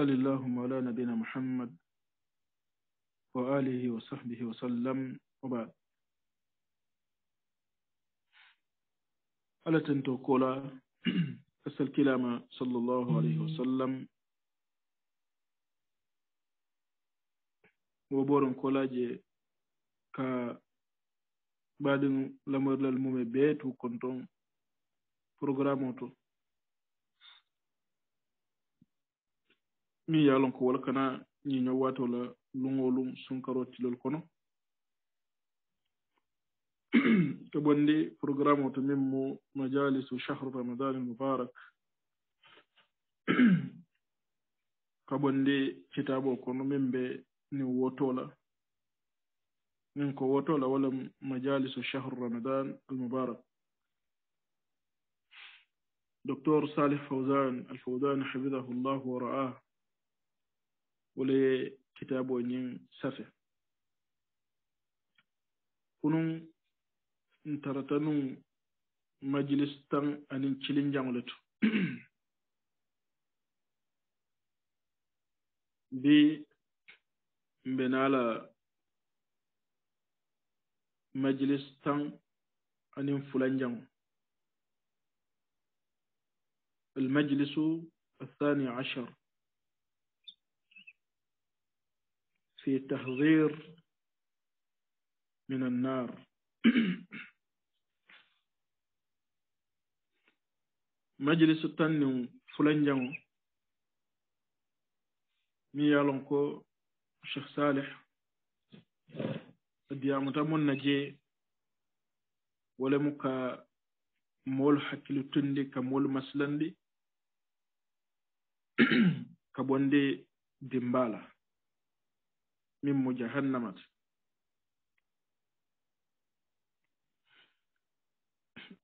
صلى الله على نبينا محمد وآله وصحبه وسلم وبعد ألا تنتوكولا أسأل كلام صلى الله عليه وسلم وبورن كولاجي ka baɗin lamarlal mume be tu min ye lon ko wala kana ñiño waato la luŋoo luŋ sunkaroo tilol kono to bonndi programme o to min mo majalisu chahru ramadan almoubarak ka bonndi kitaaboo kono min be ni wotoola min ko wotoola wala majalisu chahru ramadan almoubarak docteur salih fawsan alfawsan hafidahu llahu wa ra'ah wala kitabo ñin safe hunun ntarata nu majilis tan anin cilin jaŋole to bi mbenala majilis tan anin fulan jaŋo almajlisu athani ashar fi tahdir min annar majlisu tannin fulanjango mi yalon ko cheikh salih adiyamuta mon na je wala mu ka moolu hakkilu tundi ka moolu maslandi ka bonde dimbala min mu jahannamat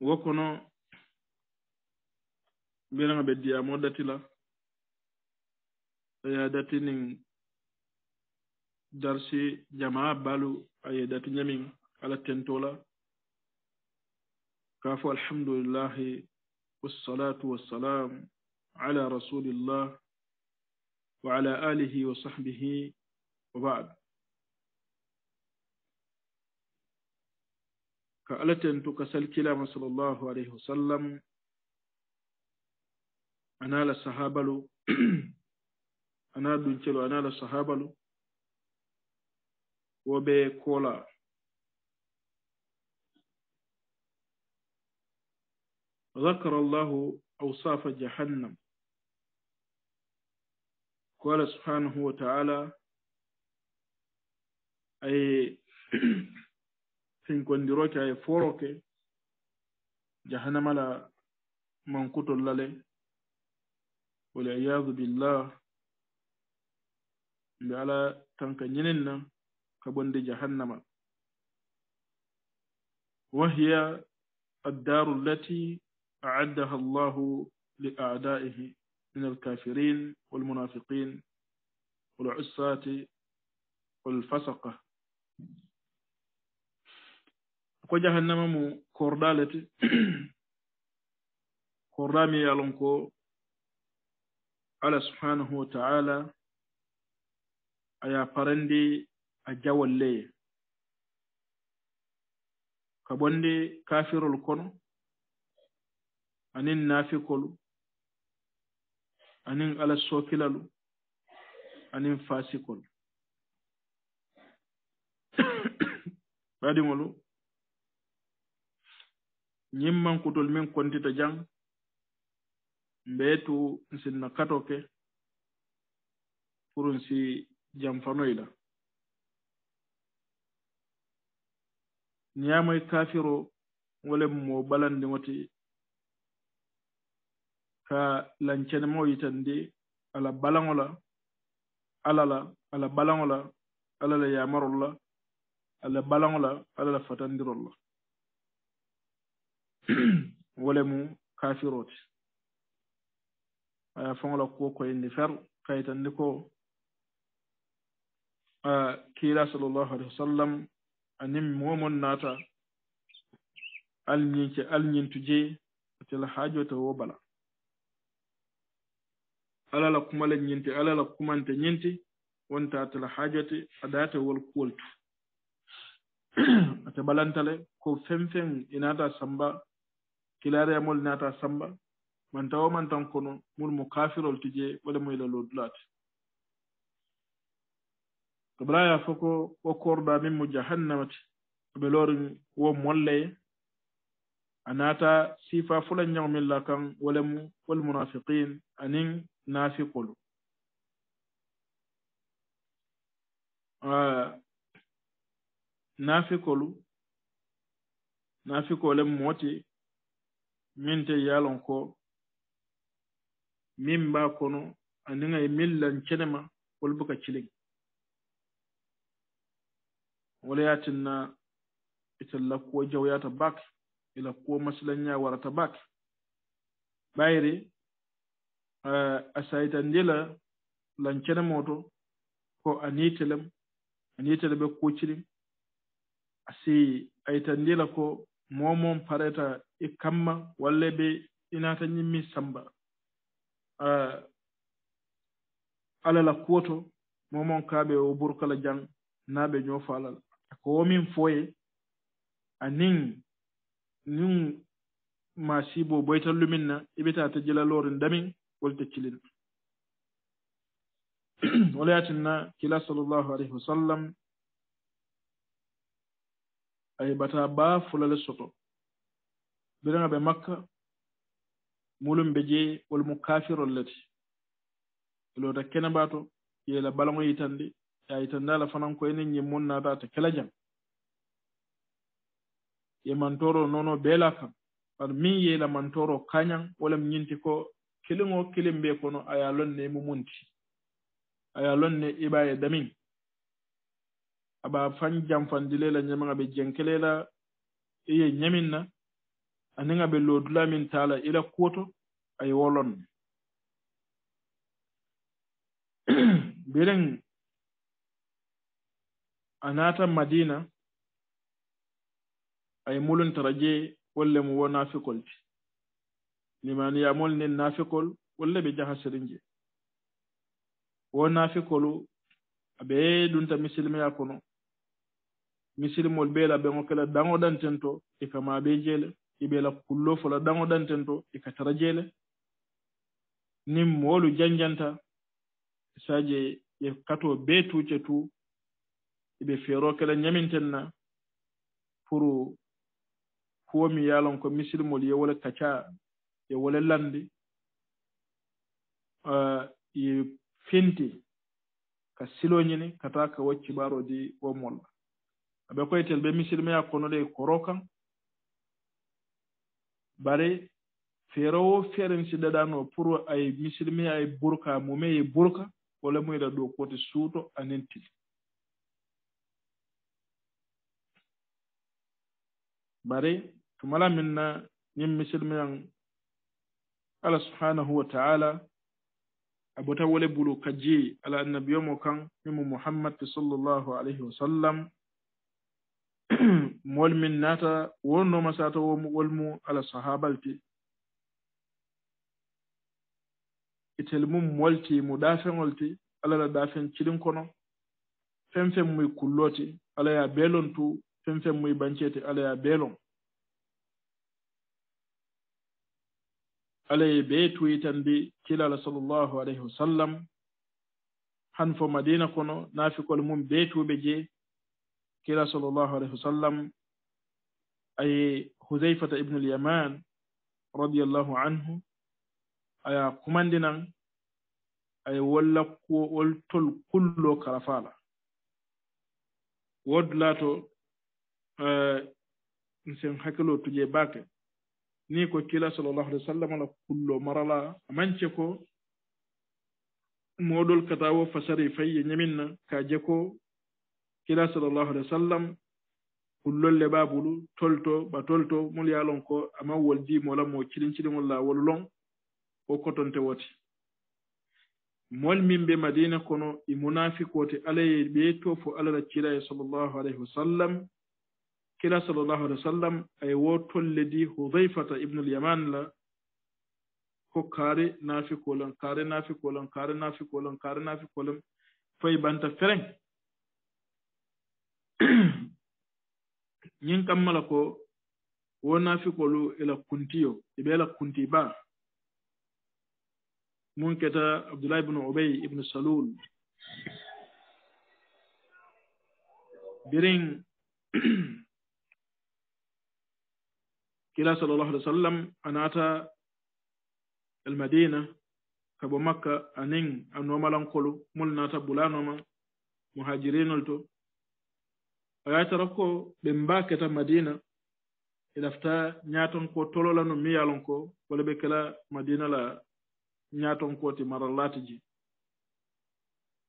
wo kono mbinanga ɓe diyamo dati la aya dati nin darsi jama'a balu aye dati ñamin ala tento la kafo alhamdulillahi wassalatu wassalam ala rasulillah wa ala alihi wa sahbihi وبعد أن تكسل كلام صلى الله عليه وسلم أنا للصحابة أنا دنتلو أنا للصحابة وبي كولا ذكر الله أوصاف جهنم قال سبحانه وتعالى ay finkondiroke ay foroke jahannama la mankutol lale waliyadu billah mbe ala tanka ñinen na ka bonde jahannama وهي الدار التي أعدها الله لأعدائه من الكافرين والمنافقين والعصاة والفسقة ko jahannama mu kordalete kordami yalon ko ala subhanahu wa ta'ala aya parandi a jawol leye ka bonde kafirol kono anin nafikolu anin ala sokilalu anin fasikolu badimolu ñim mankutol min kontita jan mbeetu sinna katoke pour si jam fanoyla ñaamoy kafiro wole mo balandiŋoti ka lancenemo yitandi ala balaŋo la ala la ala balaŋo la ala la yamarol la ala balon la ala la fatandirol la wole mu kafiroti aya fongola kuwo koyendi fer kaytandi ko a kiila salllahu alihi wasallam anin momon naata alñince alñintu je atela haajo to wo bala ala la kumale ñinti ala la kumante ñinti wonta atela haajote adaate wol kuwol tu a teɓalantale ko fen feng e naata samba kilareyamol e naata samba man tawa man tan kono mulmo kafirol tije wala mo yila lodulaate tobalaya fo ko ɓokkorɗa min mo jahannamate oɓe lorin wo molleye a naata sifa fulan ñagomilla kan walemu wal munafiqin anin naafiqolu naafikolu naafikole moti min te yaalon ko min mbaa kono aniŋa ye min lancenema wol buka ciliŋ wala ye tinna ite lakkuwo jawyaata bak i e lakkuwo masilanya warata bak bayiri eh, a sayitandi la lancenemo to ko anitelem anitele be kuciliŋ si a yitanndila ko momon pareta e kamma walla ɓe inata ñimmi samba alala kuwoto momon kaaɓe o burkala jan naaɓe ñoofo alal ko womin foye anin nin ma sibo boytallumin na iɓita tejjilalorin damin wolte cilin wala yatinna kila sallallahu alayhi wa sallam a heɓata baa fulale soto biranga ɓe makka mulum ɓe jeye wolmo kafirollete elota kene mbaato yeela balango yitande a yitandeala fanan ko enen ñimmon naata ta kela jam yemantoro noono beela kam par min yeela mantoro kañan wolam ñinti ko kelin o kelin mbiye kono a ya lonne mumunti a ya lonne iɓa e damin aɓa fan jamfandilela ñamaga ɓe jenkelela eye ñaminna aniga ɓe lodulamin tala ila kuwoto ay wolon biren a nata madina ay muluntara je wolle mo wo nafikol ti limani yamol nen nafikol wolle ɓe jaha serin je wo nafikolu aɓe ɗum ta misilima ya kono misilimol be la ɓeŋo kela daŋo danten to e ka maaɓe jeele e ɓe la kullo fo la daŋo danten to e ka tara jeele nin moolu janjanta saje e kato bee tuuce tu eɓe feero kela ñaminten na pour mi yalon ko misilimol ye wole kacaa ye wole landi ye finti ka siloñini kata ka wacci ɓaaro di wo molla aɓe koyetel ɓe misilmeya kono ɗo e koro kan bare feerowo ferensiɗaɗano pour ay misilmeya ay burka mume ye burka kole muyɗa ɗo koti suuto anen tili bare tumala minna nin misilmeyan allah subhanahu wa ta'ala abota wole bulu kajjeyi ala annabi yomo kan mimo muhammadi sallllahu alayhi wa sallam molmin naata wonnooma sata womu wolmu ala sahaabalti itel mum molti mu ɗaafeŋol ti ala la ɗaafen cilin kono feŋ feŋ muy kullooti ala ye a beelon tu feŋ feŋ muy banceeti ala ye a beelon ala ye bee tuyitandi kilala salllahu alayhi wa sallam han fo madina kono naafikol mum bee tuuɓe jee kila salllahu alayhi wa sallam aye hudayfata ibnu lyaman radiallahu anhu aya kumandinan aye walla woltol kullo karafala wodulato e, sen hakkilo tuje bake ni ko kila salllahu alih wa sallam ala kullo marala amance ko moɗol katawo fasari faye ñaminna ka jeko kila sallllahu alih wa sallam pullolle baabulu tolto ba tolto mol yaalon ko aman wol diimola mo cilin ciliŋol laawol lon o kotonte woti mol min madina kono e munafikote alaye ɓe to fo alala cilaye sallllahu alayhi wa sallam kila sallllahu alih wa sallam ay wo tolledi hudayfata ibnul yaman la ko kaare naafikolan kaare naafikolan kaare naafikolan kaare naafikolan fay banta fereŋ ñiŋ kamma la ko wo nafikolu i la kuntiyo i be la kunti baa muŋ keta abdulahi ibnu obey ibnu salul biriŋ kila sal allahu alih w sallam a naata almadina ka bo makka aniŋ a nomalankolu mulu naata bulanoma muhajirinol to ayatara ko ɓe mbaketa madina ɓe ɗafta ñatonko tolola no miyalonko walla ɓe kala madina la ñatonkoti marallatiji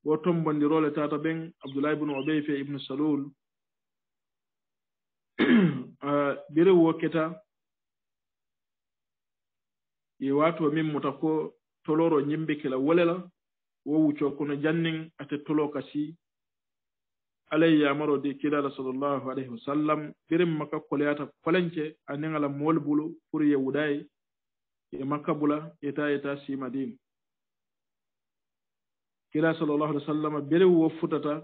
bo tombondirole tata ɓen abdoulah ibnu obey fe ibnu saloul biri woketa ye wato min muta ko toloro ñimbi kila walela wo wucco kono jannin ate tolo kasi alayyi amaro di kiɗala salllahu alayhi wa sallam firim makka koloyata folence aniŋala mool bulu pour ye wuɗayi ye makka bula yeta yeta simadine kiɗa salllahu alih wa sallam beri wo futata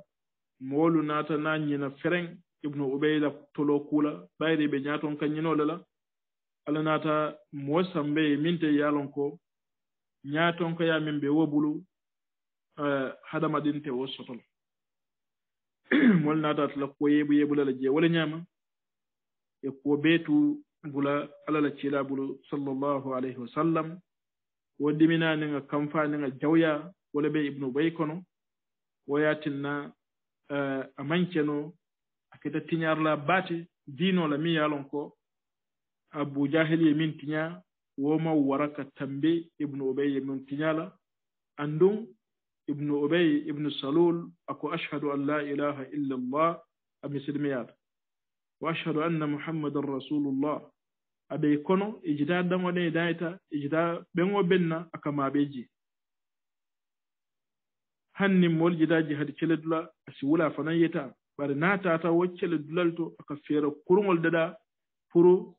moolu naata na ñina fereŋ ibnu ubayda tolo kuula ɓayri ɓe ñaton ka ñinole la ala naata moo sambe ye minte yaalon ko ñaatonka ya min ɓe wo bulu eh, hadamadin te wo sotolo wala naataata la ko yeeɓu yeeɓu lala jee wala ñaama e ko beetu bula alala ciilaa bulu sallallahu alayhi wa sallam o diminaaniga kamfaaniga jawya wala ɓe ibnu bay kono o yaatinna eh, a manceno a kita tiñaar la baate diino la mi yaalon ko abou jahili ye min tiña womaw waraka tambe ibnu obey ye min tiñala anndun ibnu obey ibnu salul ako ashhadu an la ilaha illa allah ami silmiyaata wa ashhadu anna muhammadan rasulullah aɓey kono ijida e dango ɗen e dayta ijida e ɓengo ɓenna aka maɓeji hannin mool jidaji hade cele dula asi wula fanan yita ɓare naatata wo cele dulal to aka feera kurgol deɗa pour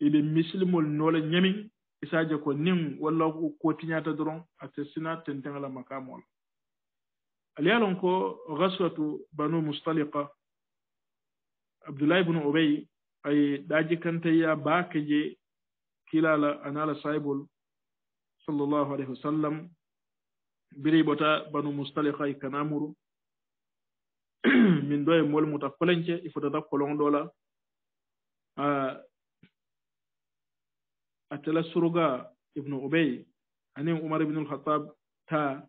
iɗe misilmol noola ñamin isaaje ko nin walla ko kootiñaata doron a tessina tentengala makamo ola ali ye lon ko gaswatu banu mustalika abdoulahi bnu obey ay ɗaaji kantaya baake je kilala anala sahibol sallllahu alayhi wa sallam biri ɓota banu mustalika e kanamuru min ɗo e molmuta kolenke ifotata kolon ɗola atala suruga ibnu obey anin umar ibnul hatab ta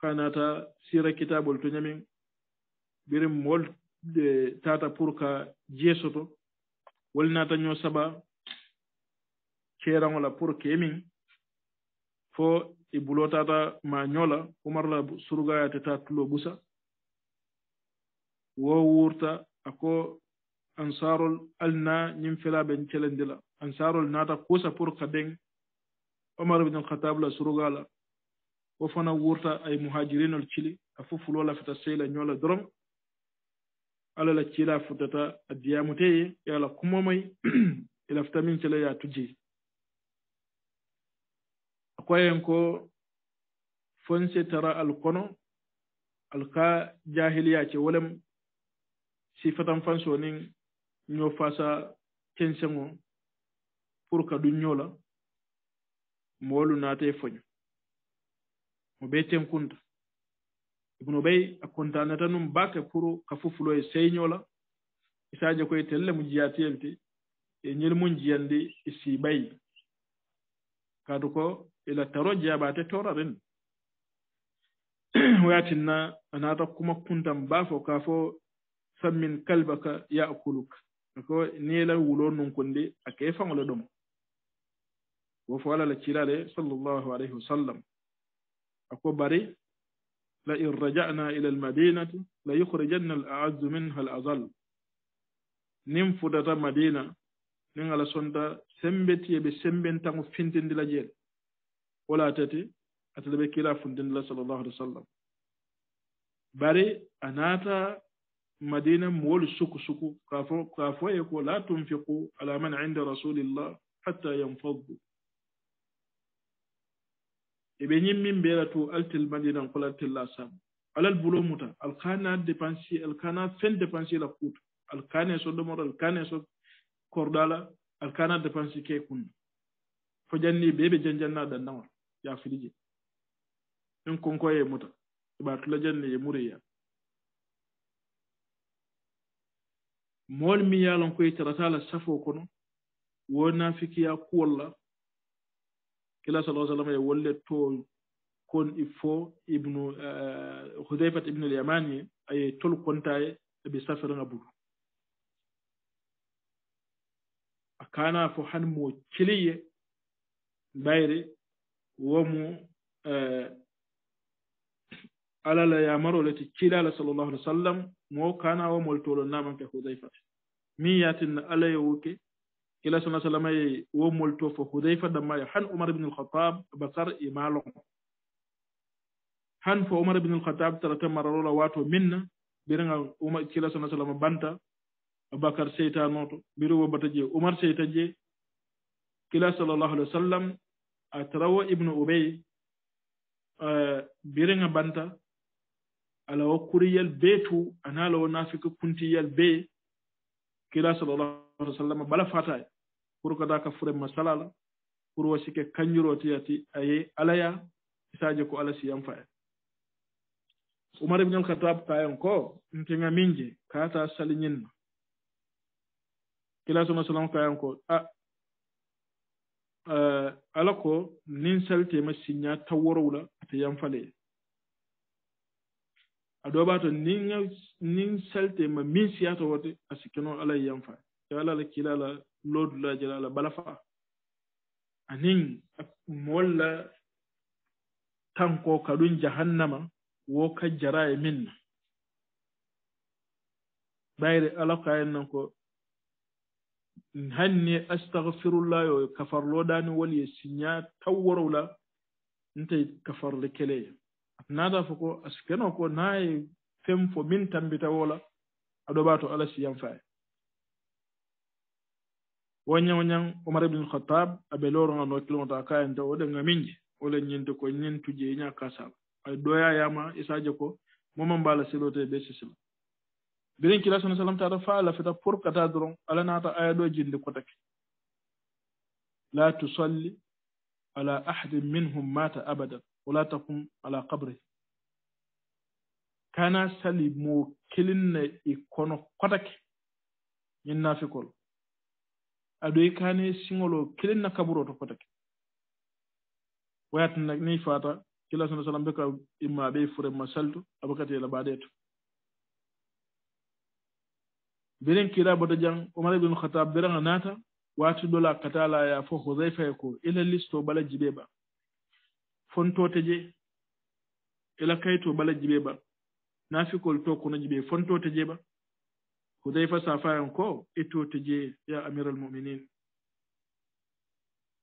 kanata sira kitabol toñamin birin mol e tata pour ka jeesoto wolnata ño saba ceerangola pour kemin fo i bulo tata ma ñola umar la surugayate ta tulo busa wo wurta ako ansarol alna ñin felaɓen celendila ansarol naata kuusa pour kaden omar bin alkhatab la surugala o fana wurta ay muhajirinol cili a fof fulola fota seyla ñoola dorom ala la cila futata a diyamuteye e ala kumomay ila fota min cila ya tujji a koyen ko fonse tara al kono alka jahiliya ce wolem si fatan fanso nin ñoo faasa kenseŋo E pour ka ɗum ñoola moolu naata e foño mo ɓe tenkunta ibnu ɓey a kontanata num bakke pour ka fufloye sey ñoola isaaje koye telle mo jiyatiyelte e ñel mum jiyandi e sii ɓayi kaadu ko ila e taro jeyaɓaate tora ren wayatinna a naata kuma kuntam baafo kaa fo sammin kalbaka yakuluk ako ni ela wulo nunkundi a kee faŋole ɗomo wofo alala kilale sallllahu alayhi wa sallam ako bari la in raja'na ila almadinati la yukhrijanna al a'azzu minha al azal nin fudata madina nin ala sonta sembetiye ɓe sembentango fintindila jeel wala tati atata ɓe kila fundindila sallllahu alih wa sallam bari a naata madina moolu suku suku ka fo ka foye ko la tunfiqu ala man inda rasulillah hatta yanfaddu e ɓe ñimmin mbeera to altel madinan kolaltella sabu alal bulo muta alkana dépensi alkana fen dépensi la kuuta alkane so ɗomot alkane so kordala alkana dépensi ke kunna fo janni ɓe ɓe janjannaa dannawal ya firije ɗon konkoye muta eɓa tula janni ye muriya mool mi yalon koye tarata la safo kono wonafikiya kuwolla kila sal sallam e wolle to kon il faut ibnu eh, hudayfat ibnu al yaman e aye tol konta e eɓe safiranga buru a kana fo han mo celiye mbayre womo eh, alala yamarolete cilala sallllahu alih wa sallam mo kana womol tolo namanke hudayfat min yatinna alayowoke kila sala sallama ye wo mol to fo hudayfa damma ye han umar ibn al-khattab basar e malon han fo umar ibn al-khattab tarata mararola wato minna birenga umar kila sala sallama banta abubakar seytanoto biro wo bataje umar seytaje kila sallallahu alaihi wasallam a tarawo ibn ubay uh, birenga banta ala wo kuriyal betu anala wo nafika kuntiyal be kila sallallahu alaihi wasallam bala fatay pour ko daka furema salala pour wo sike kanjuro tiyati aye alaya isaje ko ala siyamfa e. en umar ibnul khatab kayen ko ntiga min je kata saliñinna kila sunga salam kayen ko a uh, ala ko nin salitema siña tawworowla ate yamfaleye aɗoɓato ninga nin salitema min siyata wode a sikkeno alaye yamfa e ala la kila la loodulaa jalaala bala faa aniŋ mool la tankoo kaɗum jahannama wo ka jara ye miŋ na bayri ala ko ayen nan ko haŋ ni astahfirullah yo kafarloo daani wol ye siñaa taw worow la nte kafarle kele ye naata fo ko asikenoo ko naa ye feŋ fo miŋ tambita wo la aɗo baa to ala siyan faye woñan woñan omar ibine khatab aɓe looronga no kilomota kayente o ɗenga minje olen ñinte ko ñintuje ña kasal ay doya yama isaje ko moma mbala seloote ɓe sisila birin kila sana sallam tata fa lafita pour kata doron ala nata aya ɗo jinde kotake la tusalli ala ahadin minhum mata abadan wala takum ala kabri kana sali mo kilinna i kono kotake ñin nafikolo aɗoy kane siŋol o kelen na kaburo to fotake wayat nak ni fata kila sa sallam beka imma be fure ma saltu abakati la badeto benen kira bodo jang umar ibn khattab beranga nata watu dola katala ya fo huzaifa e ko ila listo bala jibeba fonto teje ila kayto bala jibeba nafikol to kono jibe fonto teje ba hudayfa so a fayan ko itto tije ya amir al muminine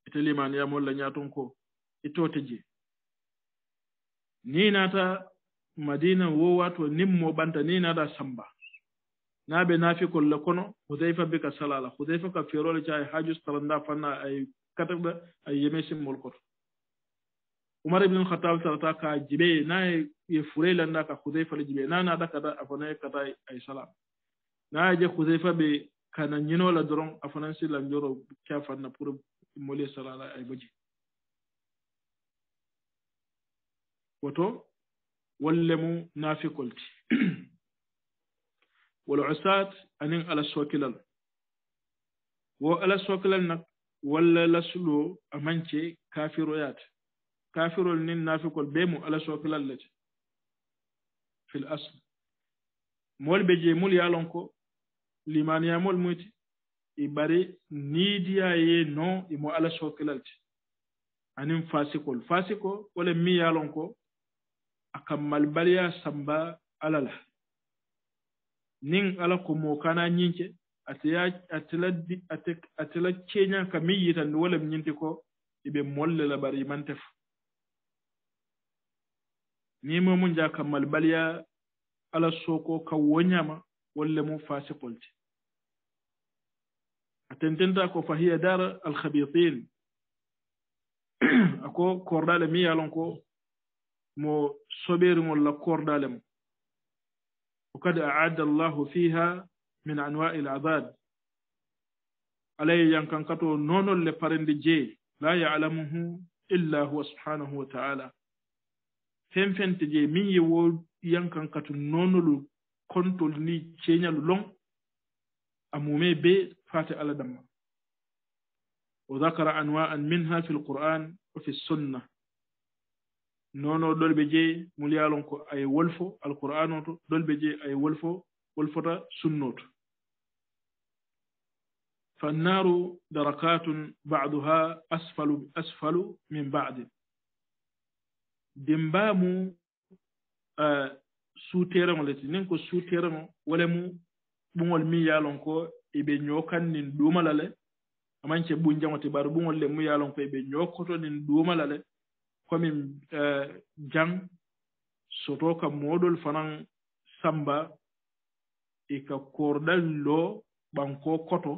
italimane ya molla ñaton ko itto tije ni naata madina wowato nimmo ɓanta ni naata samba naaɓe naafikolle kono hudayfa bi ka salala hudayfa ka feerole ca ay haaju saranda fanna ay katada ay yeme simmol koto umar ibnul khatab sarata ka jibe naye ye furey lannda ka hudayfa le jibe na naata kata afanaye kata ay salam na a jeg kuseyfa ɓe kana ñinola doron a fanan silla joro ke fanna pour molie salala ay baji woto walle mu nafikolti wala usat anin ala sokilal wo ala sokilal nak walla lasulo a mance kafiroyat kafirol nin nafikol be mu ala sokilal lete fil asl mool be je mul yalon ko limaniyamol muti i e bari niidiya ye non imo e ala sookilalti anin fasikol fasiko wole mi yalon ko aka malbaliya samba ala la nin ala ko mokana ñince atiya atela di ate atela ceeñan ka min yitandi wolem ñinti ko iɓe molle la bari imante e fo ni momu jaka malbaliya ala sooko ka woñama wolle mum fasikolte atententa داكو فهي دار alkhabitin أكو كوردال mi yalon مو mo ولا la kordale وقد أعد الله فيها من أنواع العباد عليه ينكن كتو نونو لبارند جي لا يعلمه إلا هو سبحانه وتعالى فين فين تجي مين يو ينكن كتو نونو لو كنتو ني تشينيا لون أمومي بي فاتي على دم وذكر أنواعا منها في القرآن وفي السنة نونو دول بجي مليالونكو أي ولفو القرآن دول بجي أي ولفو ولفو سنة فالنار دركات بعضها أسفل أسفل من بعض dimbamu uh, suuteraŋo le ti niŋ ko suuteraŋo wo mu ɓuŋol miyaalon ko eɓe ñookannin ɗuumalale amance ɓunjamote ɓaru ɓuŋol le muyaalon ko eɓe ñookotonin ɗuumalale komin eh, jan soto ka mooɗol fanan samba e ka koorɗal loo ɓanko koto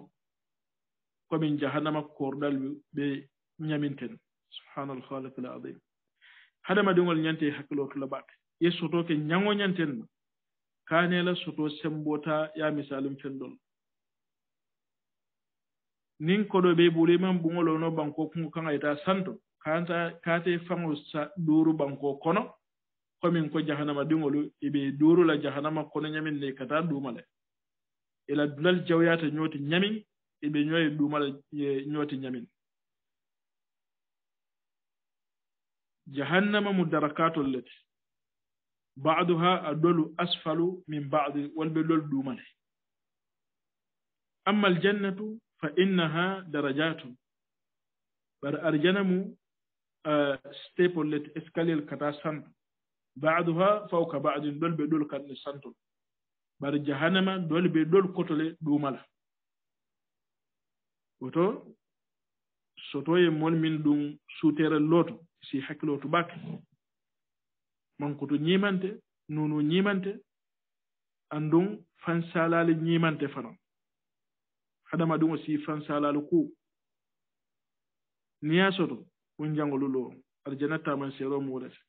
komin jahannama koorɗal ɓe ñaminten subhana al khaliqu l adim hadama ɗuŋol ñante e hakkilootu laɓaɓe e soto ke ñaŋoñanten kaneela soto sembota ya misalum fenndol nin koɗo ɓe ɓuri man bugolowno banko kungo kanga yita santo kata kate fango sa duuru banko kono komin ko jahanama ɗingolu iɓe duurula jahanama kono ñamin ne kata duumale ila dulal jawyata ñooti ñamin iɓe ñoye duumala ñooti ñamin jahannama mu darakatol leti baadu haa a lolu asfalu min baadi wonɓe lolu ɗumane amma aljannatu fa inna haa darajatum bara arjana mum stapol let escalel kata santo baadu haa faw ka baadin lolɓe ɗol kanɗe santol bara jahannama lolɓe ɗol kotole ɗumala woto soto ye molmin ɗum suutere looto si hakkiloto bake manqkoto ñiimante nuunu ñiimante anndun fansalaali ñiimante fana hadama ɗum aussi fansalaalu ku niyasoto ɗum janngolulo arjanatta man e seero muurete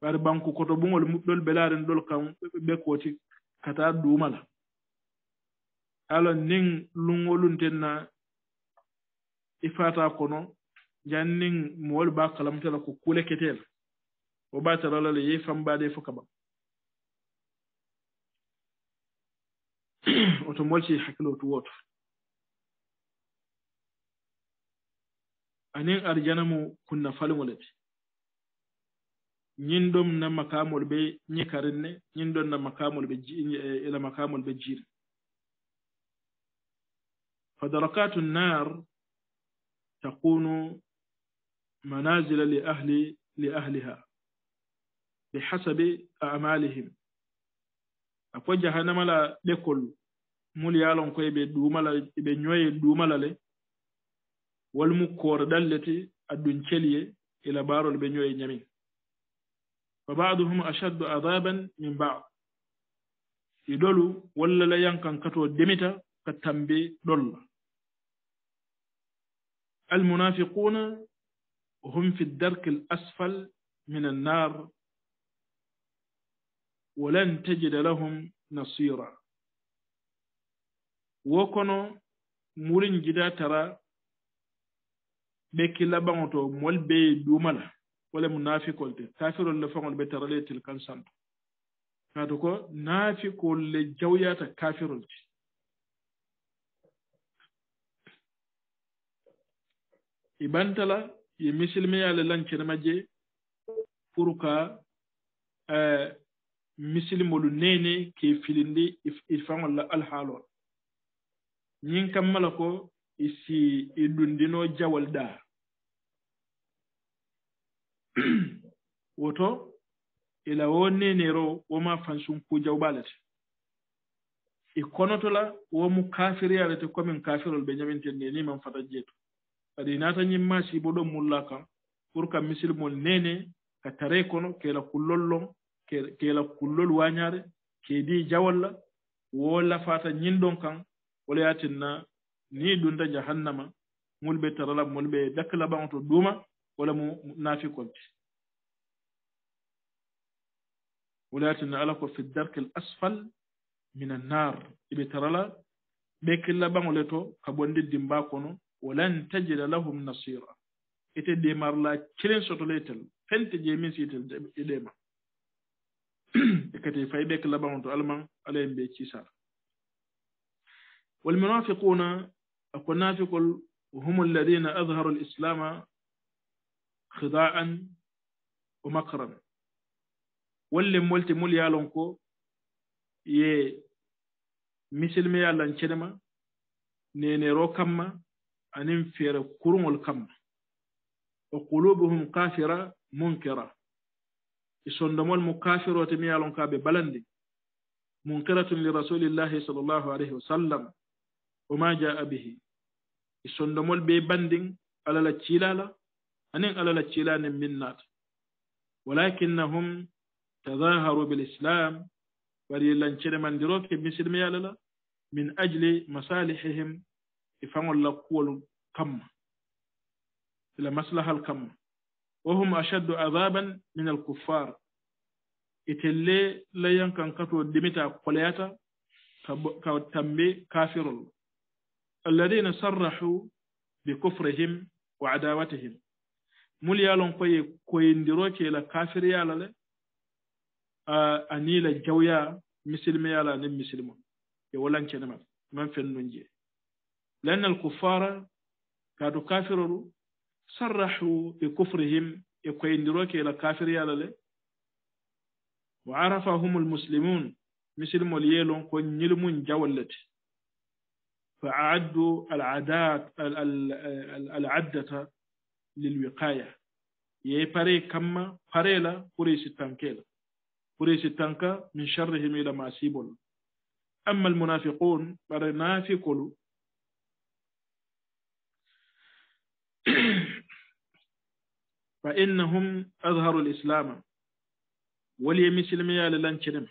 ɓaari banku koto ɓungol muɗɗol belaarin ɗol kam ɓe kooti kata duumala alon nin lunngolunten na ifata kono jan nin mowol baa kalamtela ko kuule keteela o ɓaatara la le yey fambaade fo kaɓa oto moƴci hakkilo to wooto anin arjana mo kunna falugo lede ñin ɗom na makamol ɓe ñikarinne ñin ɗon na makamol ɓe eh, ila makamol ɓe jiiri fa darakatu nnar takunu manasila li ahli li ahliha bi hasabi amalihim a fo jahannamala ɓekkol mulu ye lon ko eɓe ɗumala eɓe ñoye ɗumala le walmu koore ɗalleti addun celiye ila baarol ɓe ñoye ñamin fa baduhum achaddu adaban min bad i ɗolu walla la yankan kato demita ka tambi ɗolla almunafiquna hum fi ddarki l asfal min annar walan tajida lahum nasira wo kono murin jida tara ɓe killabaŋoto mol be duumala wala munafikolte kafirol le faŋol ɓe tarale tilkan santo kaatu ko naafikol le jawyata kafirol ti i bantala ye misilimayale lancenema je pour ka eh, misilimolu nene ke filinde ifaŋolla alhaalol ñiŋ kam mala ko isi i ɗundino jawol ɗaa woto ila wo nenero woma fansun kujaw baalete i konoto la womu kafiriyalete commin kafirol ɓe ñaminten ne ni man fata jeetu bari naata ñiŋ maasibo ɗo mulla kan pour qua misilimol nene ka tare kono kela kullol lon keela kullol waañaare keedi jawolla woolla faata ñinɗon kan wala yaatinna ni ɗum da jahannama mulɓe tarala mulɓe ɗakklaɓan to ɗuma wala mu naafi kompi wala yaatinna ala ko fi darke l asfal min annar eɓe tarala ɓe killaɓanole to ka bonde dimba kono walan tajida lahum nasira ete ɗemarla celen sotole tel fente jemin siitel eɗema e kadi fayɓe ko laɓan to alaman ala en ɓe kisar walmunafiquna ako nafiqol hum alladina adharu alislama khidaan o makran wolle molte mol yalon ko ye misilme yallan cenema nenero kamma anin feere kuruŋol kamma wa qulubuhum kafira munkira e sondomol mo kafirote mi yalon ka ɓe balandi munkiratun li rasulillahi sallllahu alayhi wa sallam o ma jaa bihi e sondomol ɓe bandin alala ciilala anin alala ciilanin minnata walakinnahum tadaharu bilislam waɗi lancere mandiroke misilmi yalala min ajli masalihihim e faŋol lakkuwol kamma ila maslahal kamma وهم أشد عذابا من الكفار إتلي لين كان قطو دمتا قلياتا كتنبي كافر الذين صرحوا بكفرهم وعداوتهم mul ye lon koye koyindiro ke la kafiriya la le ani la jawya misilmeya la nin misilma ye walankenema man fen nun je lanna alkufara kaatu kafirolu صرحوا بكفرهم يقين دروك إلى كافر يالله وعرفهم المسلمون مثل مليلون كون نلمون جولت فأعدوا العدات العدة للوقاية باري كما باري لا بريس التنكيلا بريس التنكا من شرهم إلى ما سيبول أما المنافقون باري نافقلوا فإنهم أظهروا الإسلام ولي على للانشنم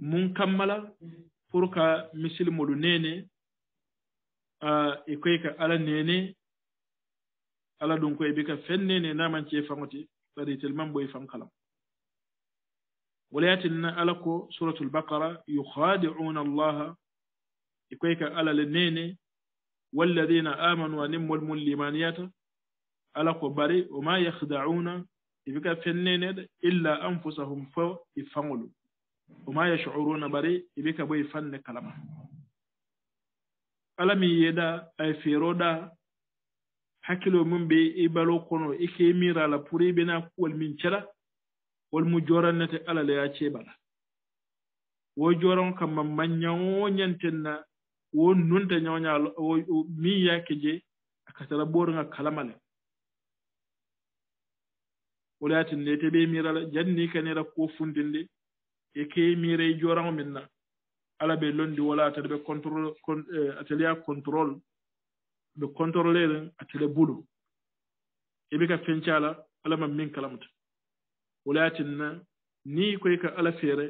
منكملا فرقا مسلم لنيني آه إكويك على نيني على دونكو إبكا فنيني نامنشي فمتي فريت المنبو كلام وليات ألكو سورة البقرة يخادعون الله إكويك على النيني والذين آمنوا ونموا الملمانيات ala ko bari o ma yakhda'una ibi ka fennene illa anfusahum fa ifangulu o ma yash'uruna bari ibi ka boy fanne kalama ala mi yeda ay firoda hakilo mum be i balo kono ike mira la puri i bena min chara wal mu ala la ya ceɓala wo joron man nyawo ñantenna wo nunta ñawña min yake je akatara ɓorga kalamale wolaatin nde te ɓee miir ala janni kane ra ko fundinde e ke miire e jooraŋo min na ala ɓe lonndi wola atele ɓe contrôle con, eh, atelier a contrôle ɓe contrôle ɗen atele bulu e ɓe ka fenca ala ala ma min kalamata wolaatin na ni koye ka ala feere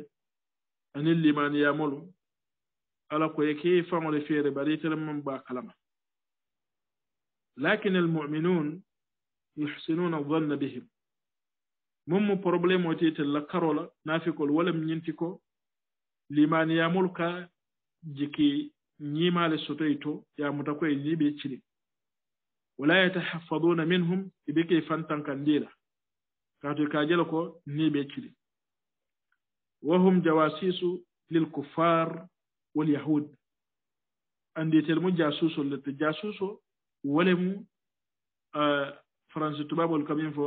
anin limaniyamolu ala koye ke faŋole feere bari itere man ba kalama lakin almuminun yuhsinuna dhanna bihim mum mo probléme o tiyete la karola naafikol walam ñinti ko limani yamol ka jiki ñiimaale sotoy to yamuta koye niɓe cili wala yatahaffaduna minhum ibe key fantankan ndiila kaatoy ka jela ko niɓe cili wa hum jawasisu lil kuffar wal yahud anditel mu jasuso lete jasuso walemu uh, françai tubabol kamin fo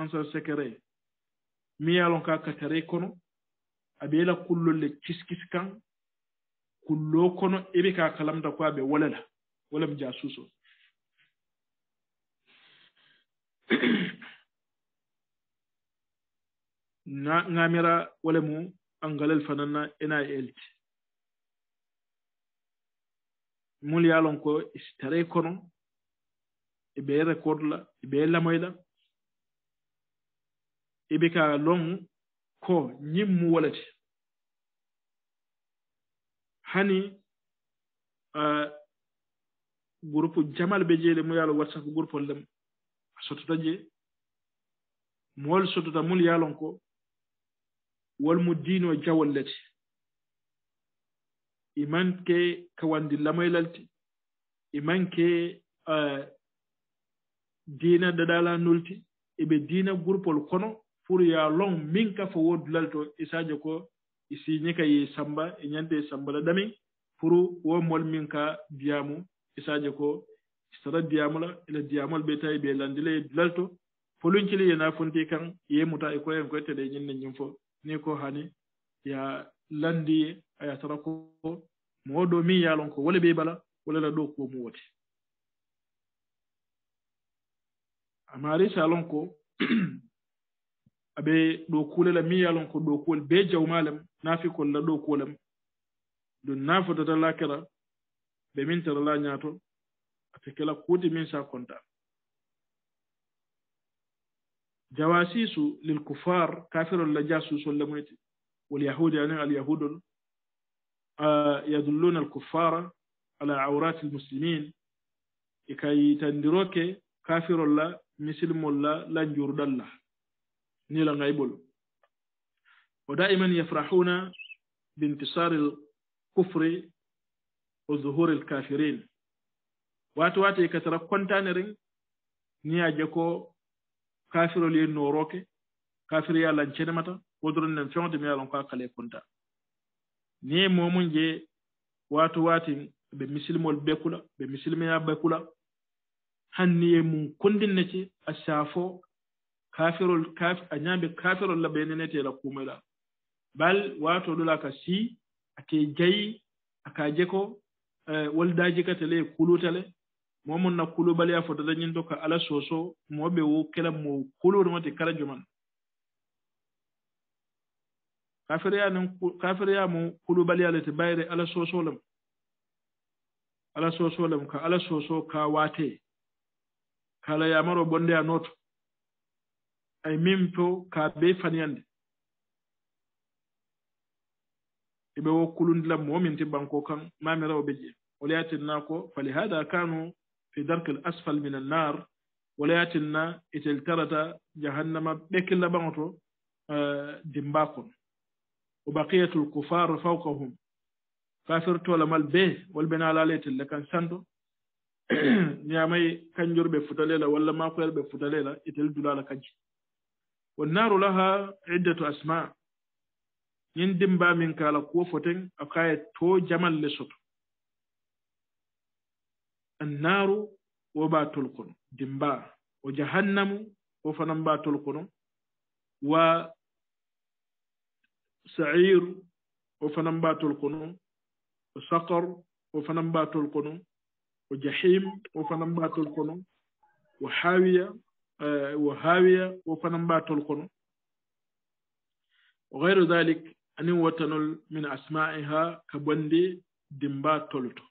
ancer secret mi yalon ka ka tare kono aɓe yela kullolle kiskis kan kullo kono eɓe ka kalamda ko aɓe walala wala mi ja suso na ngamira wala mu an galal fananna ina elti mul yalon ko isi tare kono eɓe recordla eɓe lamoyla e ɓe ka longu ko ñimmu wolete hani groupe jamal ɓe jeyde mu yaalo whatsapp groupe lem a sottota je mool sottota mum yaalon ko wolmo diino e jawol lete i manke ka wandi lamoylalte i manke diina daɗala nulti eɓe diina groupol kono pour ya lon min ka fo wodulal to isaajo e ko isiñi e ka ye samba e ñante e samba la ɗamin pour wo mol min ka biyamu isaajo ko sara diyamu la ela diyamol ɓe tawi ɓe landila e dulal to folincili yena fonti kan yemuta e koyen koye teɗe ñinne ñin fo ni ko hani ya landi aya sara ko mowo ɗo min yalon ko wole ɓe bala wole la ɗo ko mu woti amari salon ko aɓe ɗo kuulel a miyalon ko ɗo kuwol be jawmalem naafi kol la ɗo kuwolem ɗum naafotata lakira ɓe min tara la ñaato a tekela kuude min sa konta jawasisu lil kufar kafirol la ja suusolle muyti wol yahudi anin al yahudol yadulluna al kufara ala aurati almuslimin e kay tandiroke kafirol la misilmol la la njurɗal la nila ngay bol wa daiman yafrahuna biintisari alkufri wa zuhuri alkafirin waati waati e katara kontane ring niyaje ko kafirol ye noroke kafir ye lancenemata wodoron nen fewde mi yalon ko akkale konta ni momum je waatu waati ɓe misilimol ɓekula ɓe misilimiya ɓekula hanni ye mum kondinne ci a saafo kafirol kaf, a ñaambe kafirol la ɓeneneteela kuumela bal waato ɗula ka si ake jayi aka jeko uh, woldaaji katale e kulutale momon na kulubaleya fotata ñinto ka ala sooso mooɓe wo kela mo kulurumate kala juman kafireya nin kafireya mo kulubaleya lete bayre ala soosolem ala soosolem ka ala sooso ka waate kala yamaro bondeya noto ay mimpo ka be faniyande eɓe wokkulundilam momin tibbanko kan mamirawo beje wala yatinna ko falihada kanu fi darke l asfal min annar wala yatinna itel tarata jahannama ɓekilla ɓaŋoto eh, dimbakon o bakiyatu lkufaru fawkahum kafirtolamal be wala ɓe nalala itelle kan santo niyamayi kanjorɓe futalela walla makoyal ɓe futalela itel dulala kajji wannaaru laha iddatu asma ñin dimbaamin kaala kuwo foten a kaye to jamalle soto annaaru wo mbaa tol kono dimbaa o jahannamu wo fana mbaa tol kono wa sair wo fana mbaa tol kono o sakar wo fana mbaa tol kono o jahim wo fana mbaa tol kono wo haawiya E, wo haawiya wo fana mbaatol kono wo gayro dalik anin wattanol min asma'iha ka bonndi di mbaatol to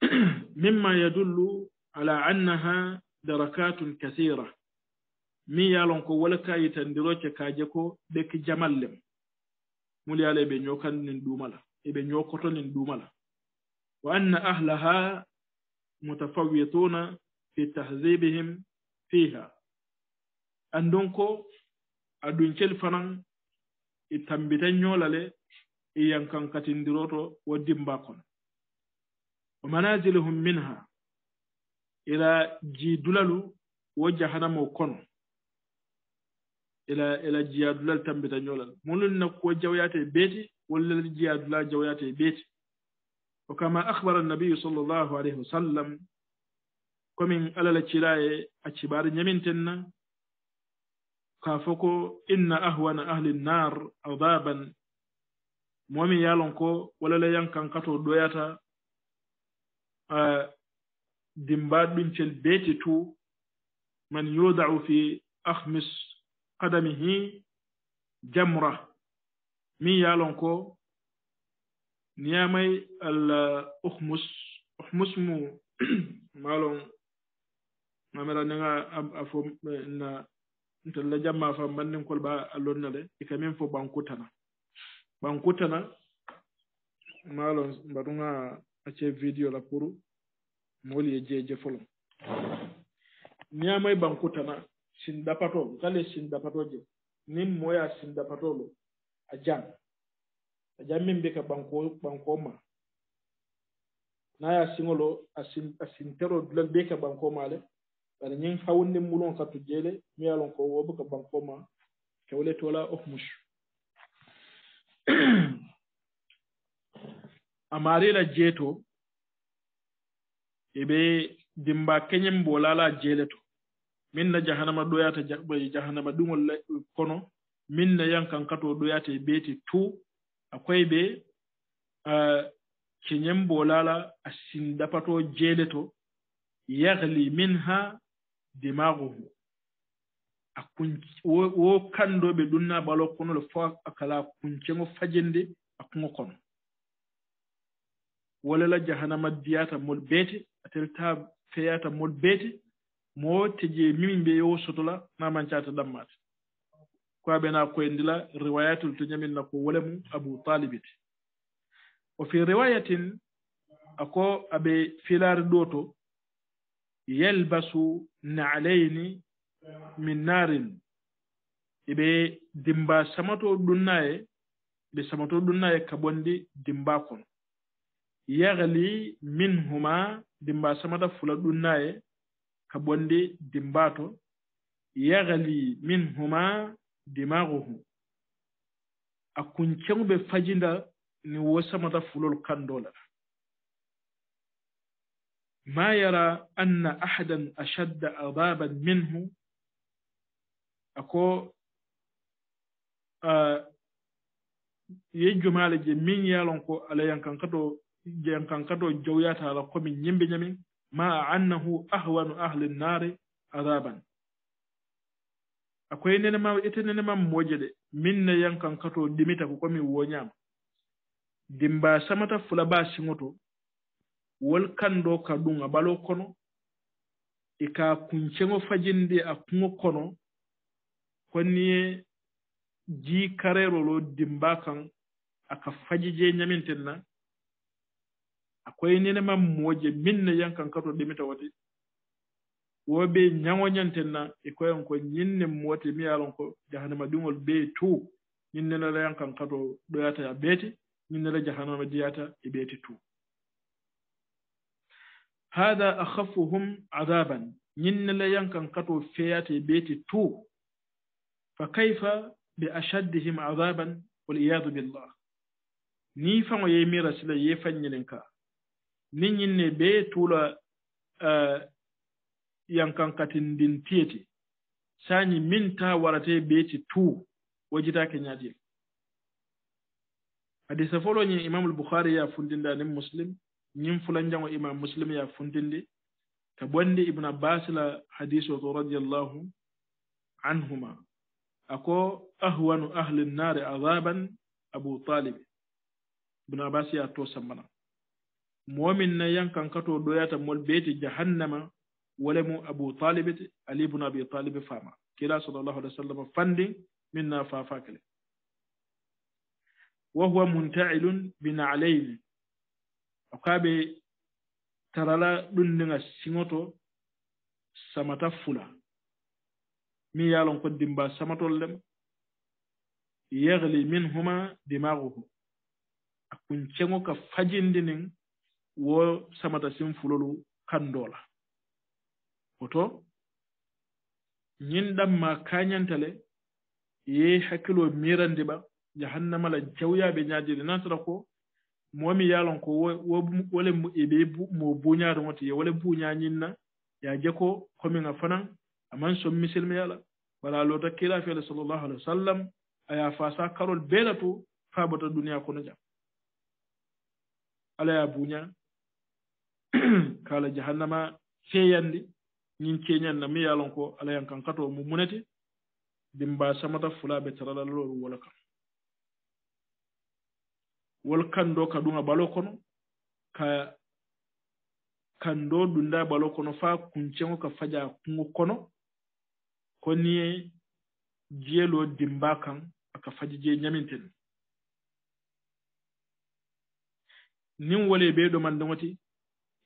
mimma yadullu ala annaha darakatun kasira min yaalon ko wala kayitandiroce kaaje ko ɓekki jamallem mulyaala eɓe ñokannin ɗumala eɓe ñokkoto nin ɗumala e wa anna ahlaha mutafawwituna fi tahzibihim fiha andun ko adun cel fanan i tambitan ñolale i yankankatindiroto wa dimba kono wa manazilihum minha ila jidulalu wo jahanamo kono ila ila jiyadulal tambitan ñolal munul na ko jawyate beeti wallal jiyadulal jawyate beeti وكما أخبر النبي صلى الله عليه وسلم كمن ألا لتلاي أتبار نمنتن كافوكو إن أهوان أهل النار عذابا مومي يالونكو ولا لا ينكن قطو دوياتا آه دمباد من تل بيتتو من يوضع في أخمس قدمه جمرة مي يالونكو niyaamay al uhmus uhmus mu maalon mamira nanga a fo e, na ntalla jamma fa mbannin kol ba a lonna de i e ka min fo bankutana bankutana maalon mbaɗunga acce video la pour moolu ye jeeje folo niyaamay bankutana sin dapatolu kale sin dapatoje nin moya sin dapatolu a jang a jammin mbi ka ɓanko ɓanko ma naya siŋolo a sintero dulal be ka ɓanko ma le bana ñiŋ hawundin mulon ka tujjele miyalon ko wobo ka ɓanko ma kewle tola of mus a marila jeeto e ɓe dimba keñin bo lala jeele to min na jahanama ɗoyata jahanama ɗumol kono min na yan kankato ɗoyata e ɓeeti tout akoye ɓe ceñembolala a sindapato jeele to yahli min ha dimago hu akun wo kandoɓe ɗumna ɓalo konole fo akala kuncego fajende akugo kono wolala jahanama diyata mol beete atelta feyata mol beete mo teje mimi ɓe yo sotola namancata dammata ko aɓena koyendila riwayatul to ñaminna ko wole mum abou talibite o fi riwayatin ako aɓe filari ɗo to yelbasu naaleyni min narin eɓe dimba samato ɗumnaye ɓe samato ɗumnaye ka bondi dimbakon yahli minhuma dimba samata fula ɗumnaye ka bondi dimbato yahli minhuma dimaago hu a kuncenguɓe fajinda ni wosamata fulol kandola ma yara anna ahadan ashadda adaban minhu ako uh, yejju maala je min yalon ko ala yankankato jeyankankato jowyata ala komin ñimbe ñamin ma annahu ahwanu ahli nnaari adaban akoye nene mam ete nene mam mooje ɗe min ne yan kan kato ɗimita ko komin woñaama dimbaa samata fulaba siŋoto wol kanndo ka ɗum a ɓalo kono e ka kunceŋo fajindi a kuŋo kono honniye jii kareerolo dimba kan a ka fajije ñaminten na akoye nene mam mooje min ne yan kan kato ɗimita wati wo ɓe ñagoñanten na e koyen ko ñinne moote mbiyalon ko jahanama ɗumol ɓee to ñinnenoɗayan kan kato ɗoyata a ɓeete ñinnele jahanama jeyata e ɓeete to hada akhafuhum adaban ñinneleyan kan kato feeyata e ɓeete to fa kayfa be achaddihim adaban wal iyadu billah ni fano yemira sila yefanñinen ka ni ñinne ɓee tula yankan din tiyeti, sani minta warate beeti tu wajita keñaajel hadisa folo Imam Al-Bukhari ya fundinda nin muslim fulan fulanjango imam muslim ya fundinde ka bonde Ibn abbas la hadisu o radiyallahu anhuma ako ahwanu ahli nnari azaban abu talib Ibn abbas ya to sambana momin na yankan kato doya mol beeti jahannama wole mum abu talibete alibnu abi talibe faama kiila salllahu alih w sallam fanndi minna faafaakale wa huwa muntailun binaleyni o kaaɓe tarala ɗum ndiga siŋoto samata fula min yaalon ko dimba samatol lema yehli minhuma dimaguhu a kunceŋo ka fajindi nin wo samata sin fulolu kandoola oto ñinɗam ma kañantale yehi hakkilo mirandi ɓa jahannamala jawyaɓe ñaadiɗe nantata ko momi yalon ko wole ɓe mo buñaɗo ngoto ye wole buñañinna ya jeko komin a fanan aman som misilma yala wala lo dakkila fele sallllahu alah wa sallam aya fasa karol beela to faabata duniya kono jam alaya buña kala jahannama feeyandi ñin keñanna mi yaalon ko alayan kan kato mu munete dimba samata fulaɓe taralalor wala kan wol kando ka ɗum a ɓalo kono ka kando ɗunda ɓalo kono faa kuncego ka faja kungo kono koniye jeelo dimba kan aka faji je ñaminten nin wole ɓeeɗo mandegoti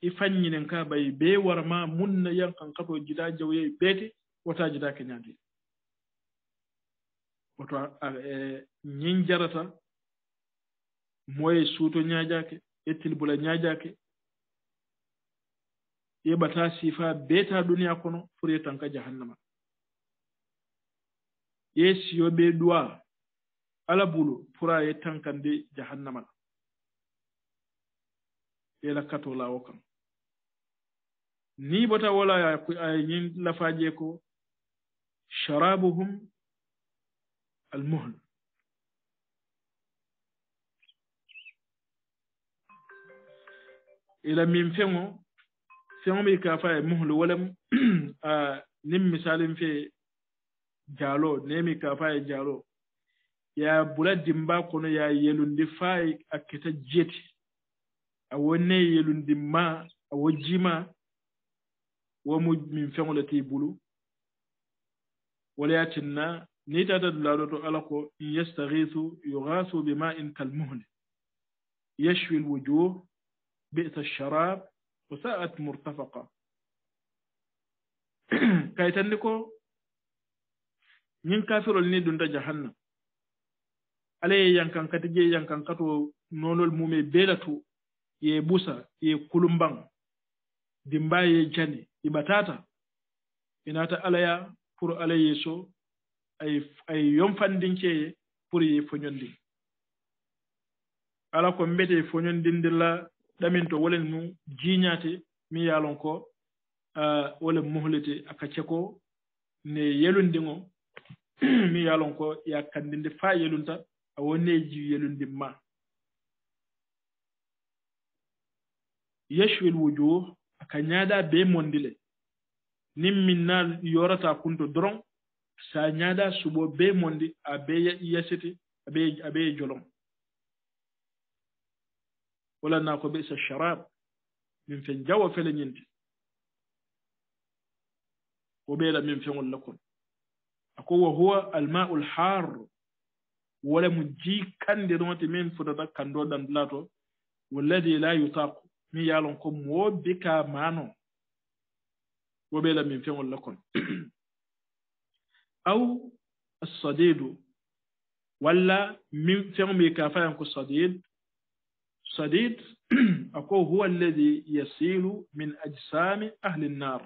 i fañinen kaa ɓayi bee wara ma munna yan kan kato jida jawyeyi beete wotaajidaake ñaadi woto e, ñiŋ jarata moye suuto ñaajaake ettilbula ñaajaake yeɓataa siifaa beeta duniya kono pour ye tan ka jahannama ye siyo ɓe duwa ala bulu pour a ye tan kandi jahannama la yela katolaawo kan ni bota wola a ñin lafaaje ko charabuhum almohl ila min feŋo feŋo mi ka fa e mohlu wolem a nin misalin fe jaalo ne mi ka fa e jaalo ye a bula dimba kono ye a yelundi faa a keta jeti a wo ne yelundi ma a wo jima womu min feŋolete bulu wala yatinna ni tatadu laaɗo to ala ko in yestahisu yuhasu bi ma in kal muhle yeshwi l wujuh bisa lcharab wa sa'at murtafaqa kay tanndi ko ñin kafirol ni ɗum ta jahannam ala ye yankan kati je yankan kato noonol mume beelatu ye ɓusa ye kulumbaŋ dimbaa ye jane ɗi ɓataata ɓe naata alaya pour alay yeeso ay ay yomfanndinceeye pour yey foñonndin ala ko mbiyetee foñonndindilla ɗamin to wolen mum jiiñaate mi yaalon ko wole mohlete akacce ko ne yelundin o mi yaalon ko ya kanndinde faa yelunta a wonnee ji yelundin maa yachwil wujuh aka ñaada be mondile nin min naa yorata kunto doron so a ñaada suɓo be mondi a be yasiti a be ye jolon wala na ko bisa charab min fen jawa fele ñinti ko ɓeyɗa min fengol lakon ako wa howa almau lhar wala mo jii kandi ɗon ti min fotata kandoɗan lato walladi la yutaku min yaalon ko moobbi ka maanon wo ɓeela min fewol lakon aw sadidu walla min fewmi ka fayan ko sadid sadid ako huwa alladi yasilu min ajsami ahli nnar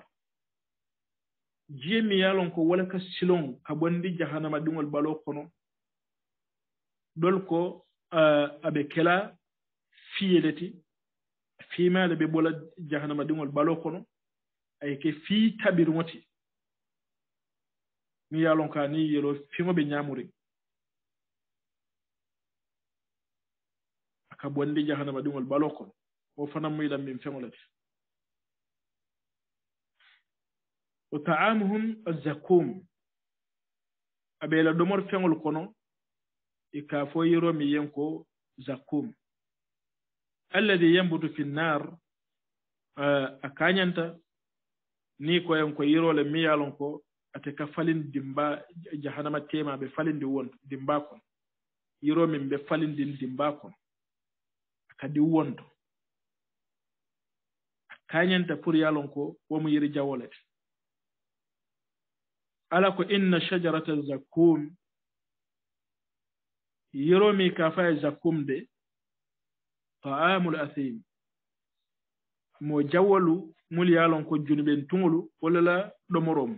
jiye mi yaalon ko wala ka silon ha ɓonndi jahanama ɗingol ɓalo kono ɗol ko eh, aɓe kela fiyedati fiimaade ɓe ɓola jahanama ɗumol balo kono ayke fii taɓirmoti mi yaalon ka ni yelo fimoɓe ñaamuri aka bonndi jahanama ɗumol balo kono o fana muyɗan min feŋolete wo taamuhum azakum aɓeyla ɗumor feŋol kono e ka fo yiro mi yen ko zakum alladhi yambutu fi nnar a kañanta ni koyen ko yirole miyalon ko ate ka falin dimba jahanama tema ɓe falindi won dimba kon yiro min falin falindin dimba kon di wonto a kañanta pour yalon ko womo yiri jawolete ala ko inna shajarata zakum yiromi ka fa e zakum de taamul asimi mo jawwalu muli yaalon ko juni ɓen tuŋolu walla la ɗomoromu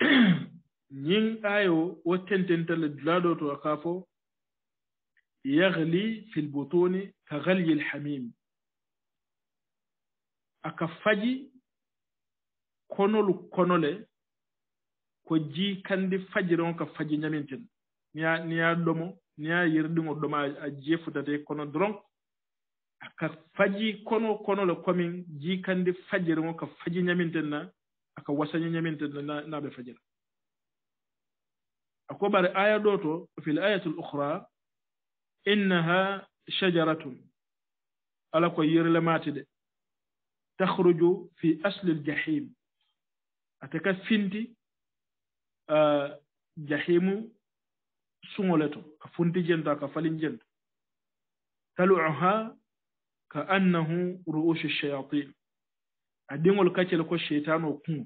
ñiŋ aayo wo tententala dulaaɗo to a kaa fo yahli fil botuni ka halyi l hamim a ka faji konolu konole ko jii kandi fajiron ka faji ñaminten niya ɗomo niya yerɗimo ɗomo a jeefutate kono dronk aka faji kono kono le commun jiikandi fajire mo ka faji ñaminten na aka wasaña ñaminten na naɓe fajira ako ɓare aya ɗo to fi l ayati l ukhra innaha chajaratun ala ko yirlemaati de tahruju fi asli l jahim ateka finti ah, jahimu suŋole to ka funtijento a ka falinjento taluuha ka annahu ru'usu shayatin a ɗiŋol kacel ko sheytano kuŋo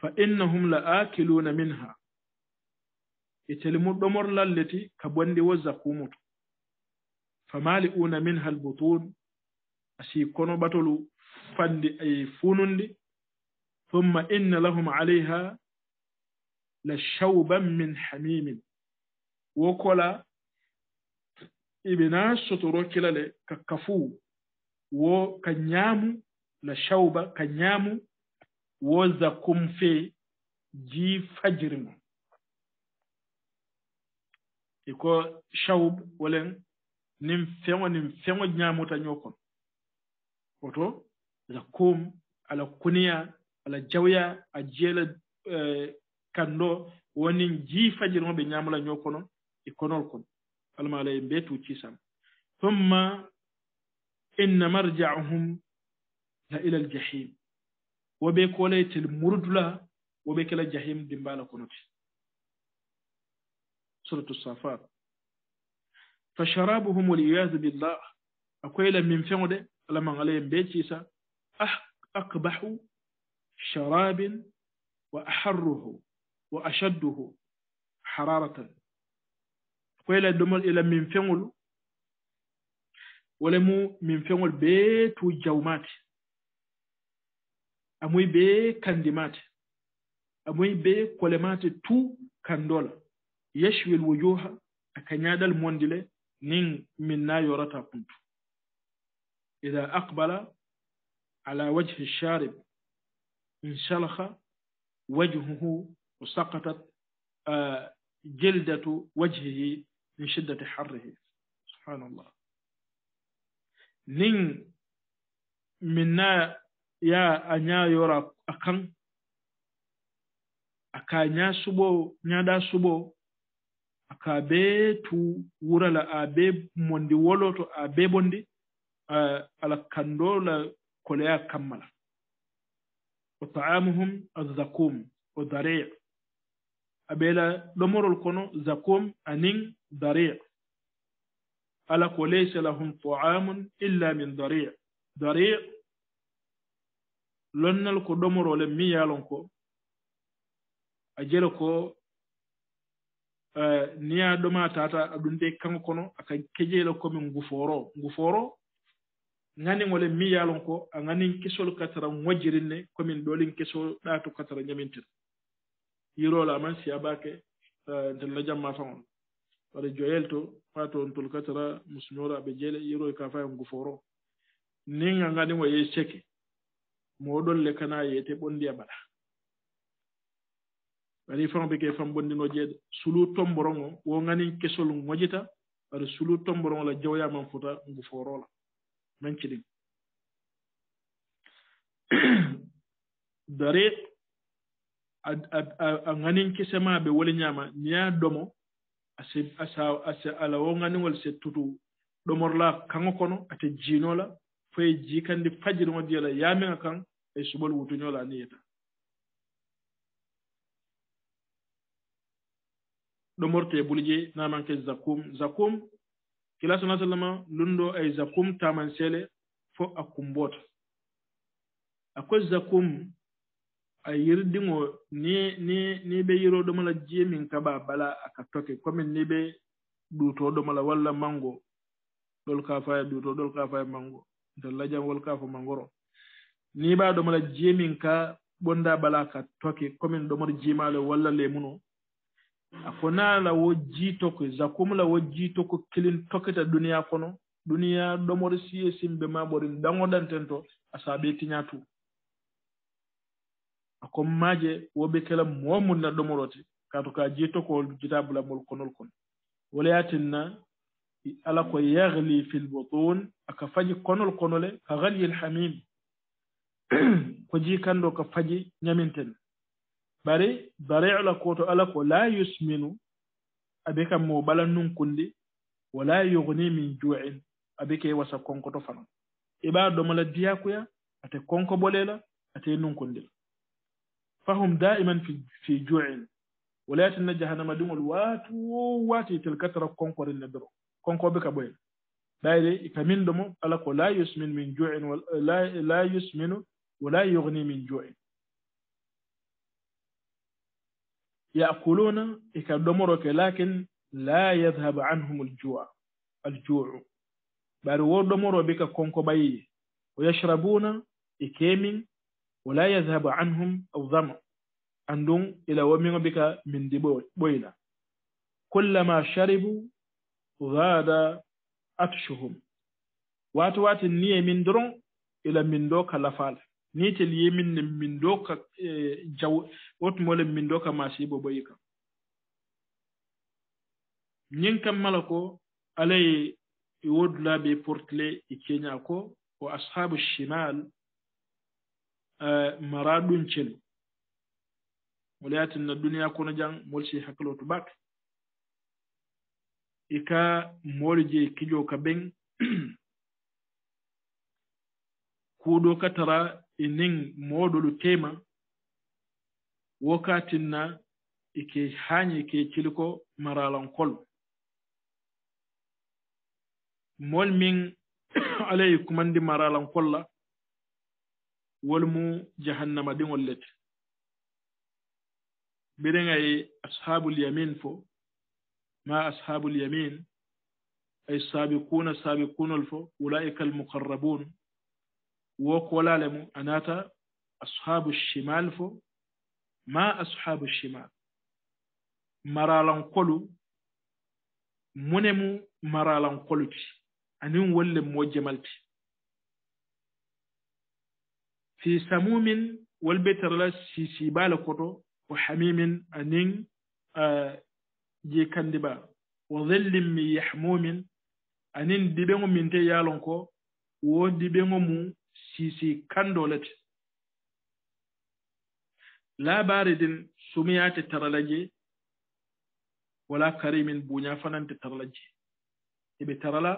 fa innahum la akiluna minha kecel mu ɗomor lalleti ka bonndi wo zakumu to fa mali'una minha albutun asi kono ɓatolu fandi ay e funundi thumma inna lahum alayha la shauban min hamimin wo kola ibina sotoro kila le ka kafu wo ka ñaamu la shauba ka ñaamu wo zakum fe ji fajirima i ko shawb walen nin feŋo nin feŋo ñaamuta ñoo kono woto zakum ala kuniya ala jawya a la eh, kanndo woni jiifajiromoɓe ñaamulañoo kono e konol kon almaala e mbeetu ciisam thumma inna marjaahum la ila aljahim woɓe koolaytel murdula woɓe kela jahim dimbaala konote suratu safat fa charabuhum wal iyadu billah a koyla min feŋo de alaman alaye mbe ciisa ahqbahu charabin wa aharruhu وأشده حرارة قيل دمل إلى من فنول ولم من فنول بيت وجومات أموي بي كندمات أموي بي كولمات تو كندولا يشوي الوجوه أكنياد الموندلة نين منا يورتا كنت إذا أقبل على وجه الشارب انشلخ وجهه sakatat jeldatu wajhihi min shiddati harrihi subhanallah nin min na ya a ñayora a kan a ka ña suɓo ñaɗa suɓo a ka be tu wurala a be mondi woloto a be bondi ala kandola koloya kammala wa ta'amuhum azzakum wa dari' a ɓeyla ɗomorol kono zakum anin daria ala ko laysa lahum taamun illa min daria daria lonnal ko ɗomorole mi yalon ko a jele ko uh, niya ɗoma tata aɗum de kanko kono aka kejeyla komin ngufooro ngufooro nganiŋole mi yalon ko a nganin kesol katara ŋojirinne komin ɗolin keso ɗaato katara ñamintira hirola man siyabake ntel eh, na jamma faŋol wara joyel to fato ntol katara musuñora ɓe jele yiroy ka fa e ngufooro nin a ngani wa ye seke moɗol le kana yete ɓondi a baɗa wari faŋ ɓe ke fam bondino jeeɗe sulu tomboroŋo wo nganin kesol ŋojita wara sulu tomboroŋo la jawya man futa ngufooro la man ciɗin dari a ganin kese ma ɓe woleñama ni ya ɗomo ala wo ganigol se tutu ɗomorla kango kono ate jinola foye jikandi fajiri ngo diyala yamega kan e subol wutuñola ani yeta ɗomorte bulije namanke zakum zakum kila sana sallama lundo ay zakum taman sele fo a kumbota ako zakum a yirdiŋo ni ni ni ɓe yiro ɗomala jee min kaɓa bala a ka toke commin ni ɓe ɗuuto ɗomala walla mango ɗol kafaya ɗuuto ɗol kafaya mango nta lajam wol kafo mangoro ni ɓa ɗomala jee min ka ɓonda bala ka toke commin ɗomor jimale walla lemuno a konala wo jiitoko zakumla wo jiitoko kilin tokita duniya kono duniya ɗomor siye simɓe ma ɓorin ɗaŋo ɗanten to a saaɓe tiña tu akom maaje woɓe kala momun na ɗomorote kato ka jeetokool jita bulamol konol kon walayatin na ala ko yagli fi lbotun aka faji konol konole ka halyil hamim ko ji kanndo ka faji ñaminten bare dareola koto ala ko la yusminu aɓe kam mo ɓalan nunkundi wala yogni min juin aɓe ke wasa konko to fanon iɓa ɗomola diyakuya ate konko ɓolela ate nunkundila فهم دائما في في جوع ولات تنجى جهنم دون الوات وات ترى كونكور الندرو كونكور بك بوين دايري كمين دمو لا يسمن من جوع ولا لا يسمن ولا يغني من جوع يأكلون إكدمرك لكن لا يذهب عنهم الجوع الجوع بل ودمر بك كونكو باي ويشربون يكيمين wala yahabu anhum aldama anndun ila womino bika mindi ɓoyna kullama charibu gada atchuhum wato wati niye min doron ila min doka lafala nitel yeminne min doka e, jaw wotumole min doka masibo ɓoyi kam ñin kam mala ko alaye woodulaabe portile e keña ko o ashabu shimal Eh, mara ɗum celu mo leyatinna duniya kono jan molsi hakkilo to ɓak i e ka mooli je kijo ka ɓen kuuɗo ka tara e nin moodolu teema wo ka tinna ike e haañi e ke celiko maralankol mool min alaye kumandi maralankol la wolmu jahannama ɗiŋol lete mbiriŋay ashabul yamin fo ma ashabul yamin ay sabikuna sabikunol fo ulaika almukarrabun wo kolale mu anata ashabu shimal fo ma ashabu shimal maralankolu munemu maralankolu ti anin wollem mo jemalti fi samumin walbetarla si sibala koto o hamimin anin je kandiba wa dhillin min yahmumin anin diɓego min te yalon ko wo diɓego mu sisi kando lete labari din sumiyate taralaje wala karimin buña fananta taralaje eɓe tarala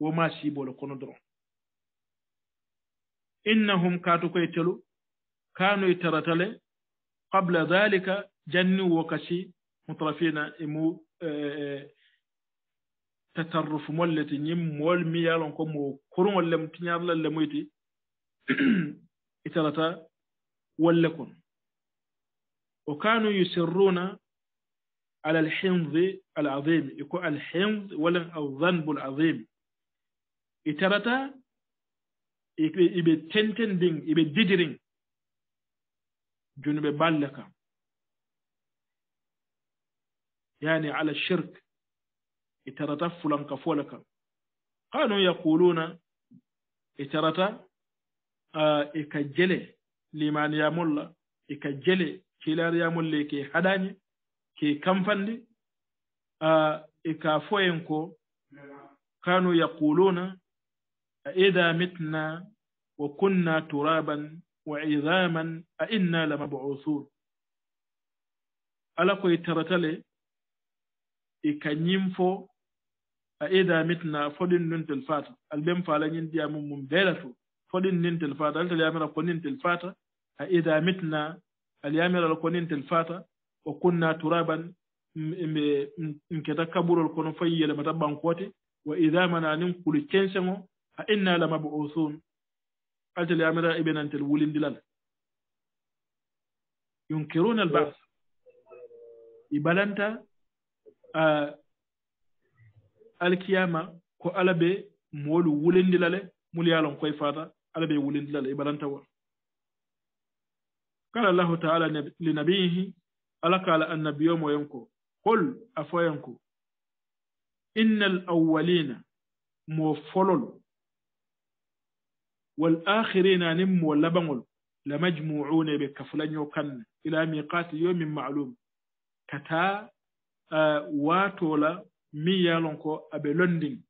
wo ma sibole kono doron innahum katu koye telu kanoye taratale qabla dhalika janni wo kasi mutrafina imu tatarrufu molle ti ñim mool mi yalon ko mo kuruŋol lem tiñarlal le muyti itarata wolle kon o kanu yusirruna على الحنظ العظيم يكون الحنظ ولن أو ذنب العظيم itarata iɓe tenten ndin iɓe didirin juno ɓe balle kam yaani ala shirk e tarata fulanka fole kam kanu yaquluna e tarata e ka jele limaniyamolla e ka jele kilariyamolle ke haɗaañe ke kamfandi e ka foyen ko kanu yaquluna a ida mitna wa kunna turaban wa idaman a inna la mabusun ala koye teratale i e kañimfo a ida mitna foɗin nintel fata alɓen faala ñindiya mum mum beelato foɗin nintel fata al taliyamira ko nintel fata a ida mitna aliyamiral ko nintel fata wa kunna turaban e keta kaɓurol kono fayi yele mataɓɓankoote wa idamana nin kulu censeŋo a inna la mabuusun altele amira i ɓenantel wulindilal yunkiruna al bas i ɓalanta a alkiyama ko ala ɓe moolu wulindilale mulu yalon koye fata ala ɓe wulindilale i ɓalanta wor kala allahu taala li nabiyihi ala kala annabiyomo yen ko qol a foyen ko inna al awalina mo fololu والآخرين نم واللبن لمجموعون بكفلن يوكن إلى ميقات يوم معلوم كتا آه واتولا ميالونكو أبي لندن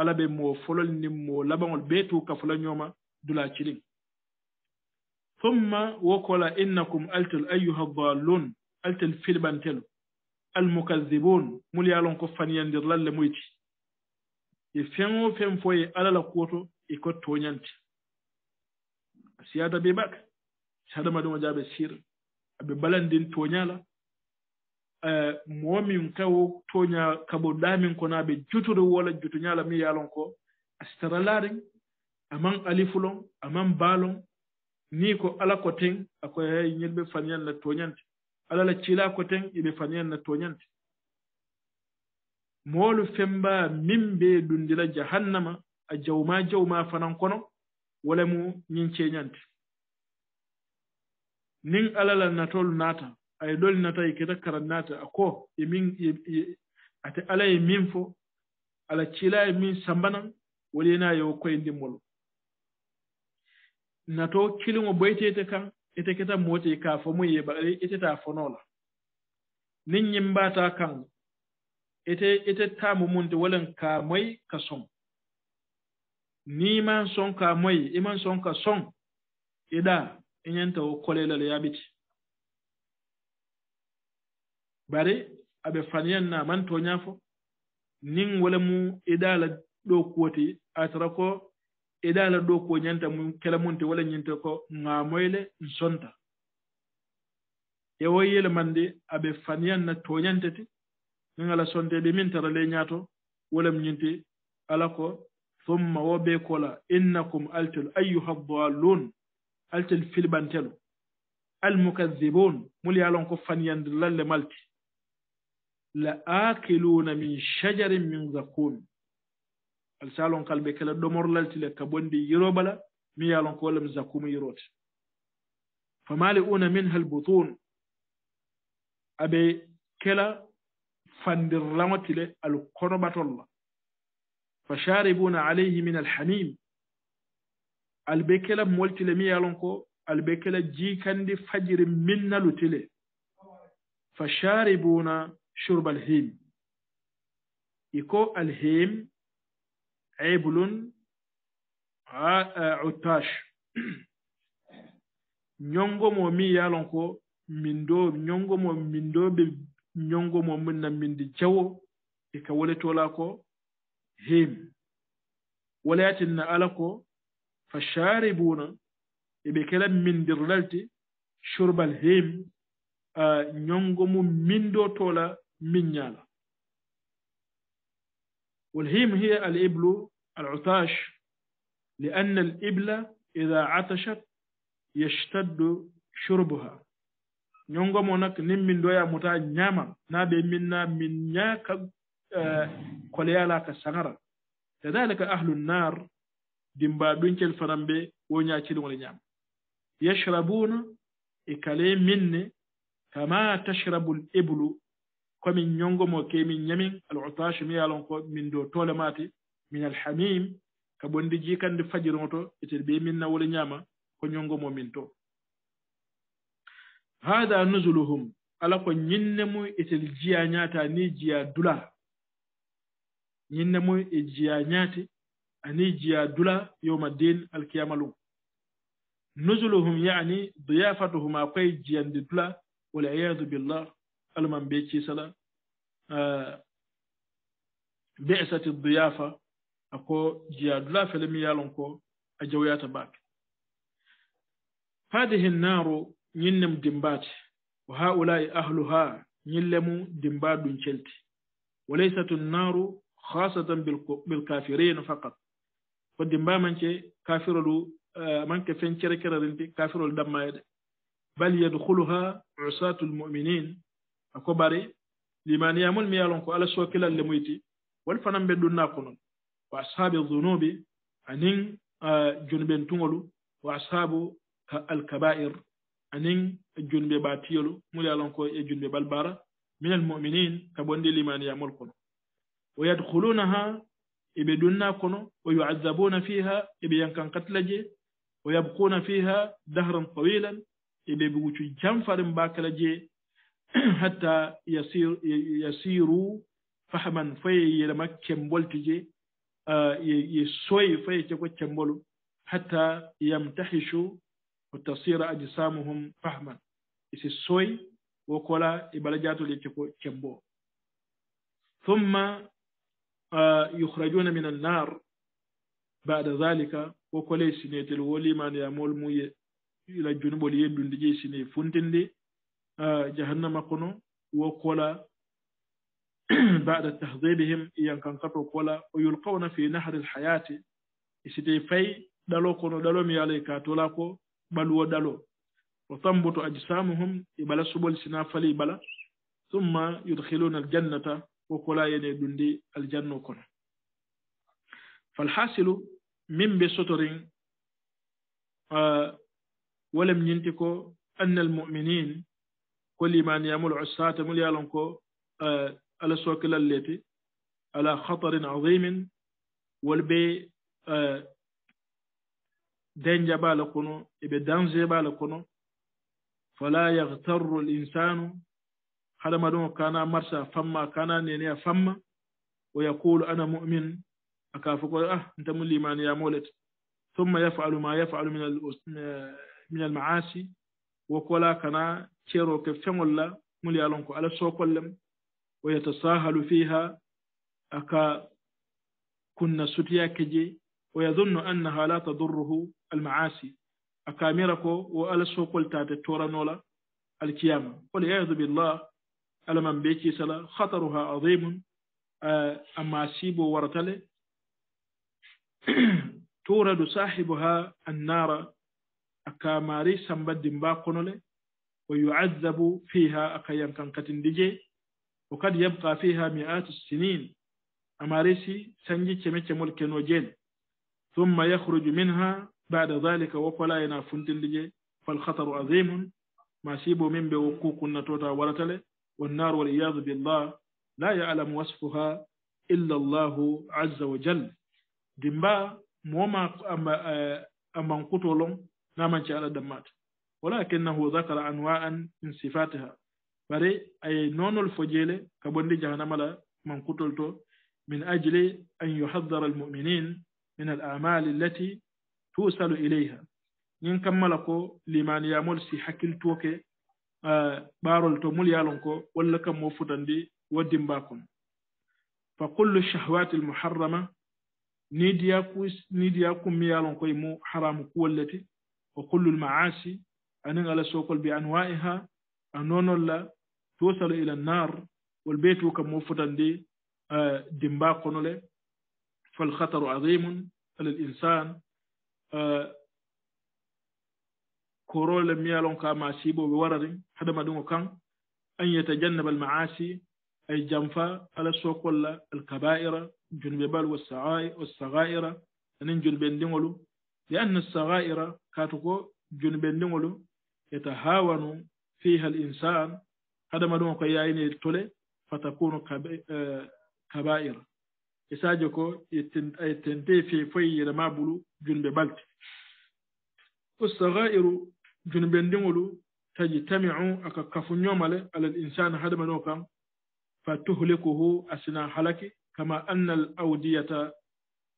ala ɓe mo folol nin mo laɓaŋol bee tuka fulañoma dula cilin thumma wokola innakum altel ayuha dallun altel filɓantel almukazibun mul yalon ko faniyandir lalle muyti e feŋ o feŋ fo ye ala la kuwoto iko toñante siyaada be mbaka si hadama ɗum o jaaɓe sira aɓe balandin toñala eh, momin kawo toña kabo ɗamin kono aɓe jutude wola juto ñala mi yalon ko a sitara laaren aman alifulon aman baalon ni ko ala ko ten ako hey ñilɓe fanianna toñante ala la cila ko ten iɓe fanianna toñante moolu femba min be ɗundila jahannama a jaw ma jaw ma fanan kono wala mu ñin ceeñante nin alala natol naata aye ɗol nata e keta kara naata a ko e min ate ala e min fo ala cila e min sambanan walena yewo koye ndimmolo nato kilingo boyteete kan ete keta moote ka fomu ye ba ala ete ta fonola nin ñimbaata kan ete ete taamu munde walan ka moy ka song niiman son ka moyi iman son ka son iɗa iñanta wo kolelal yaɓiti bari aɓe faniyan na man to ñafo nin wala mu iɗala ɗo kuwoti atara ko iɗala ɗo ko ñanta mu kela munte wala ñinte ko ga moyle n sonta e wo yele mande aɓe faniyan na toñantati ɗin ala sonte ɓe min tara le ñaato wala m ñinte ala ko ثم وبيكولا إنكم ألتل أيها الضالون ألتل في البنتلو المكذبون مولي ألون كفان يندلل مالتي لآكلون من شجر من زقوم السالون قلبي كلا دمور للتي لكبون دي يروبلا مي ألون كولم زقوم يروت فمالئون منها البطون أبي كلا فاندر لامتلي الكونبات الله فشاربون عليه من الحميم البكلا مولتل ميالونكو البكلا جي كاندي فجر من لتل فشاربون شرب الهيم يكو الهيم عبل عتاش نيونغو مومي يالونكو yalon ko mindo nyongo mo mindo be nyongo mo minna mindi jawo e ka him walakin na alako fasharibuna ibe kala min dirlalti shurbal him nyongo mu mindo tola minyala والهيم هي الإبل العطاش لأن الإبل إذا عطشت يشتد شربها nyongo mo nak nim min doya muta nyama na be minna min nyaka koleyalaka sagara kadalika ahlu nnar dimba ɗuncel fanan ɓe woñacilingole ñama yashrabuna e kale minne kama tashrabu l eblu komin ñongomo kemin ñamin alutache mi yalon ko min do tolemate min alhamim ka ɓondi jikande fajironto etede ɓe min nawole ñama ko ñongomo min to hada nusuluhum ala ko ñinne mum etel jiya ñata ni jiya dula ñinne mum e jiya ñaati ani jiya dula yowma din alkiyama lum nuzuluhum yani diyafatuhuma koye jiyande dula wala iyadu billah alman be ciisala besati diyafa ako jiya dula felemi yalon ko a jawyata baake hadihi naaru ñinnem dimbaate wa haulai ahluha ñille mum dimbaa ɗum celti walaysatu naaru خاصة بالكافرين فقط فدي ما منك كافر لو آه، منك فين كرة كرة كافر الدم بل يدخلها عصاة المؤمنين أكبر لمن يعمل ميالون على سوكلا لمويتي والفنان بدون ناقون وأصحاب الذنوب أنين آه، جنبين تونغلو وأصحاب الكبائر أنين جنب باتيولو مليالون كو جنب بالبارة من المؤمنين كبوندي لمن يعمل كونو ويدخلونها إبدنا كنو ويعذبون فيها إبيان كان قتلجي ويبقون فيها دهرا طويلا إبيبوتو جنفر باكلجي حتى يصير يسيروا فحما في لما كمبولتجي آه، يسوي في تكو كمبولو حتى يمتحشوا وتصير أجسامهم فحما يسوي وكلا إبلجاتو لتكو كمبو ثم يخرجون من النار بعد ذلك وكلي سنة الولي من يعمل موية إلى جنوب لي دي سنة آه، فنتندي جهنم كنو وكل بعد تهذيبهم إيان كان كتو كولا ويلقون في نهر الحياة إسيتي في دالو كونو دالو ميالي كاتولاكو بلو دالو وتنبت أجسامهم إبلا سبل سنافلي بلا ثم يدخلون الجنة وكلا يني دندي الجنة كن فالحاصل من بسطرين آه ولم ينتكو أن المؤمنين كل من يعمل عصاة مليالنكو آه على سوكل التي على خطر عظيم والبي آه دين جبالكونو إبي دانزي بالكونو فلا يغتر الإنسان خدم دون كان مرسى فما كان نينيا فما ويقول أنا مؤمن أكافك أه أنت مولى من يا مولت ثم يفعل ما يفعل من من المعاصي وقولا كنا تيرو كفهم الله ملي على سوق لم ويتساهل فيها أكا كنا سوتيا كجي ويظن أنها لا تضره المعاصي أكاميركو وألا سوق التاتي تورا نولا القيامة قل يعوذ بالله alaman be sala khataruha adimun amma sibo wartale turadu sahibuha annara aka mari sambaddin ba konole wa yu'azzabu fiha aka yankan katin dije wa kad yabqa fiha as sinin amarisi sanji keme kemol kenojel thumma yakhruj minha بعد ذلك وقلا ينا فنتن ديجي فالخطر عظيم ما سيبو من بوقوق نتوتا ورتله والنار والعياذ بالله لا يعلم وصفها إلا الله عز وجل دمبا موما أما أما قتلهم نعم شاء دمات ولكنه ذكر أنواعا من صفاتها بري أي نون الفجيل كبندي جهنم لا من قتلته من أجل أن يحذر المؤمنين من الأعمال التي توصل إليها نكملكو لمن يعمل سي حكيل توكي ɓaarol to mulyalon ko walla kam mo futandi waddi mbakon fa kullu shahwati l muharrama nidiya ku nidiya kummiyalon koye mo haramu kuwollete wa kullu l maasi anin ala sokol bi anwa'iha a nonolla tusalu ila nnar wol ɓeytu kam mo futandi dimbakonole falhataru adimun ala l insan korole miyalon ka ma siboɓe warari hadama ɗum o kan an yetajannaba almaasi ay janfa ala sokolla alkabaira junube bal wasagaira anin junuben ndiŋolu li anna alsagaira kaatu ko junuben ndiŋolu yatahawanu fiha alinsan hadama ɗum o ko yayini tole fatakunu kabaira e sadio ko e tente fe foyi yirama bulu junube balte والصغائر junuben ndiŋolu tajtamiu aka kafu ñomale ala linsani hadamano kan fa tuhlikuhu asina halaki kama anna al awdiyata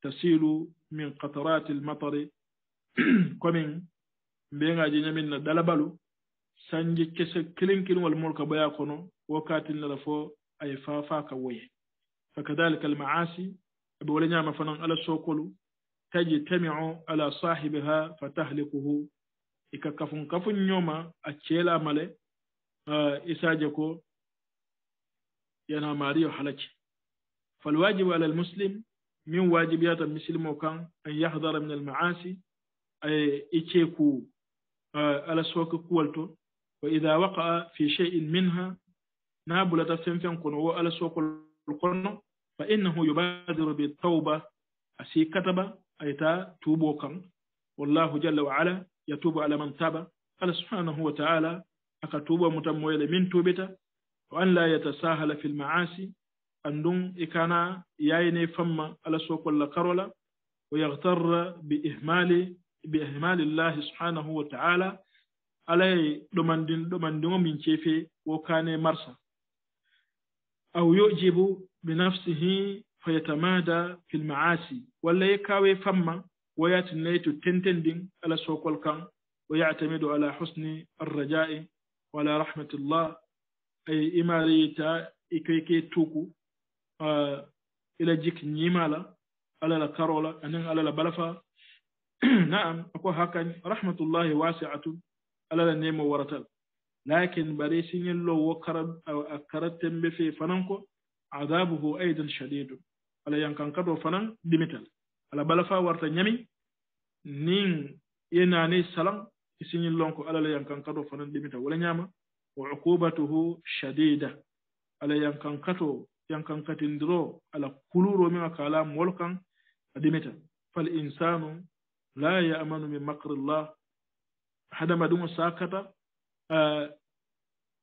tasilu min qatarati almatari komin mbeŋaji ñamin na dalabalu sanji kese kiliŋ kiliŋol molu ka baya kono wo katinnala fo aye fafa ka woye fakadalika almaasi abe wole ñama fanan ala sokolu tajtamiu ala sahibiha fa tahlikuhu ika kafun kafun nyoma a cela male isaje ko yana mariyo halaki فالواجب على المسلم من واجبيات المسلم كان أن يحذر من المعاصي أي إتيكو على سوق كولتو وإذا وقع في شيء منها نابلة فنفن كنو على سوق القرن فإنه يبادر بالتوبة أسي كتب أي تا توبو كان والله جل وعلا يتوب على من تاب قال سبحانه وتعالى أكتوب متمويل من توبتا وأن لا يتساهل في المعاصي أندون إكانا يايني فما على سوق كرولا ويغتر بإهمال بإهمال الله سبحانه وتعالى على دمندن دمندن من شيفي وكان مرسى أو يؤجب بنفسه فيتمادى في المعاصي ولا يكاوي فما وياتنيت تنتندين على سوق الكان ويعتمد على حسن الرجاء ولا رحمة الله أي إماريتا إكريكي توكو آه، إلى جيك نيمالا على الكارولا كارولا على البلفا نعم أكو هكا رحمة الله واسعة على النيم ورتل لكن بريسين اللو وكرد أو أكرتم بفي فننكو عذابه أيضا شديد على ينكن كدو فنن دمتل ala bala fa warta ñami nin yenani salan isiñin lon ko alala yankankato fanan limita wala ñama wa uqubatuhu shadida ala yankankato yankankatindiro ala kuluro min a kala mol kan a limita fal insanu la yamanu min makre llah hadama ɗum o sakata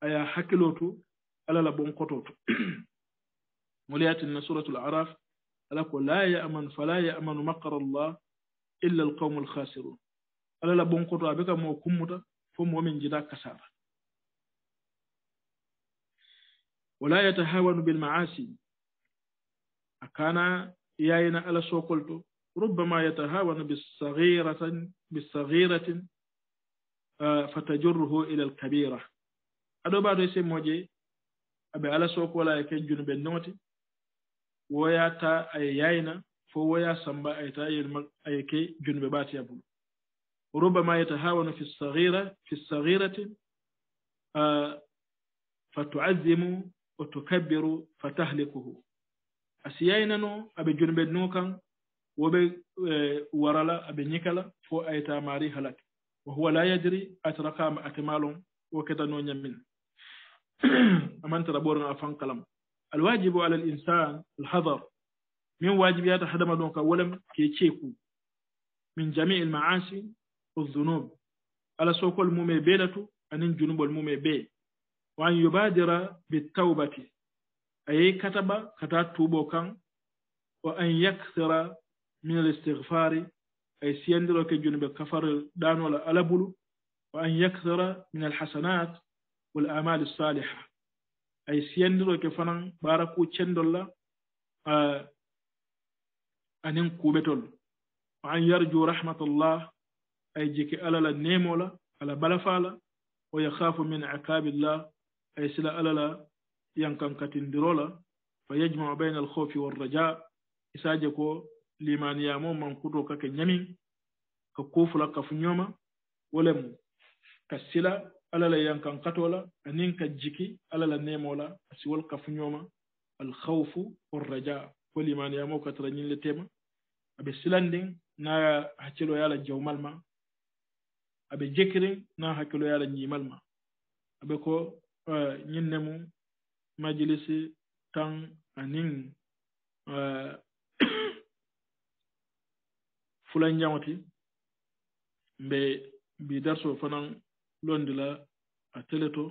aya hakkilo to alala bonkoto to mo leyatinna suratul araf alako la yaman fala yamanu makar allah illa alqawmu alkhasirun ala la bonkoto aɓe ka mo kummuta fo momin jiɗa kasara wala yatahawanu bil maasi akana yayina ala sokol to ربما يتهاون بالصغيرة بالصغيرة فتجره إلى الكبيرة أدو بعد يسموجي أبي على سوق ولا يكن جنوب النوتي woyata ay yayna fo woya samba ay tayel mag ay ke junbe bati abul ربما يتهاون في الصغيرة في الصغيرة آه فتعزم وتكبر فتهلكه أسيانا نو أبي جنب نوكا وبي آه، ورلا أبي نيكلا فو أيتا ماري هلك وهو لا يدري أتركا ما أتمالهم وكذا نونيا من أمان تربورنا أفان كلام الواجب على الإنسان الحذر من واجبات حدما دونك ولم كيتشيكو من جميع المعاصي والذنوب على سوق المومي بيلتو أن جنوب المومي بي وأن يبادر بالتوبة أي كتب كتاب توبو كان وأن يكثر من الاستغفار أي سيندلو كجنوب كفر دانو على ألبلو وأن يكثر من الحسنات والأعمال الصالحة ay ke fanan ɓara ku cendolla anin kuɓetol wa an yarju rahmatullah ay jiki alala nemola ala balafala wa yakhafu min aqabillah ay sila alala yankankatindirola fa yajmau bayna alkhawfi walraja isaje ko man kuto kake ñamin ka kufula kafuñoma wolemu ka sila alala yankan katola anin ka jiki alala nemola asiwol kafuñoma alhawfu orraja folimani yamawo katara ñinle tema aɓe silandin naa hakkilo yala jawmal ma aɓe jekirin naa hakkilo yala ñimal ma aɓe ko ñinnemu majilisi tan anin fulanjaŋoti mbe mbi darso fanan لوندلا أتلتو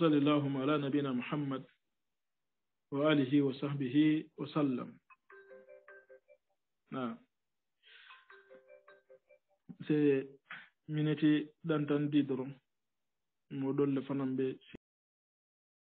صلى الله على نبينا محمد وآله وصحبه وسلم نعم سي مينتي دانتان didorom مودول dolle fanambe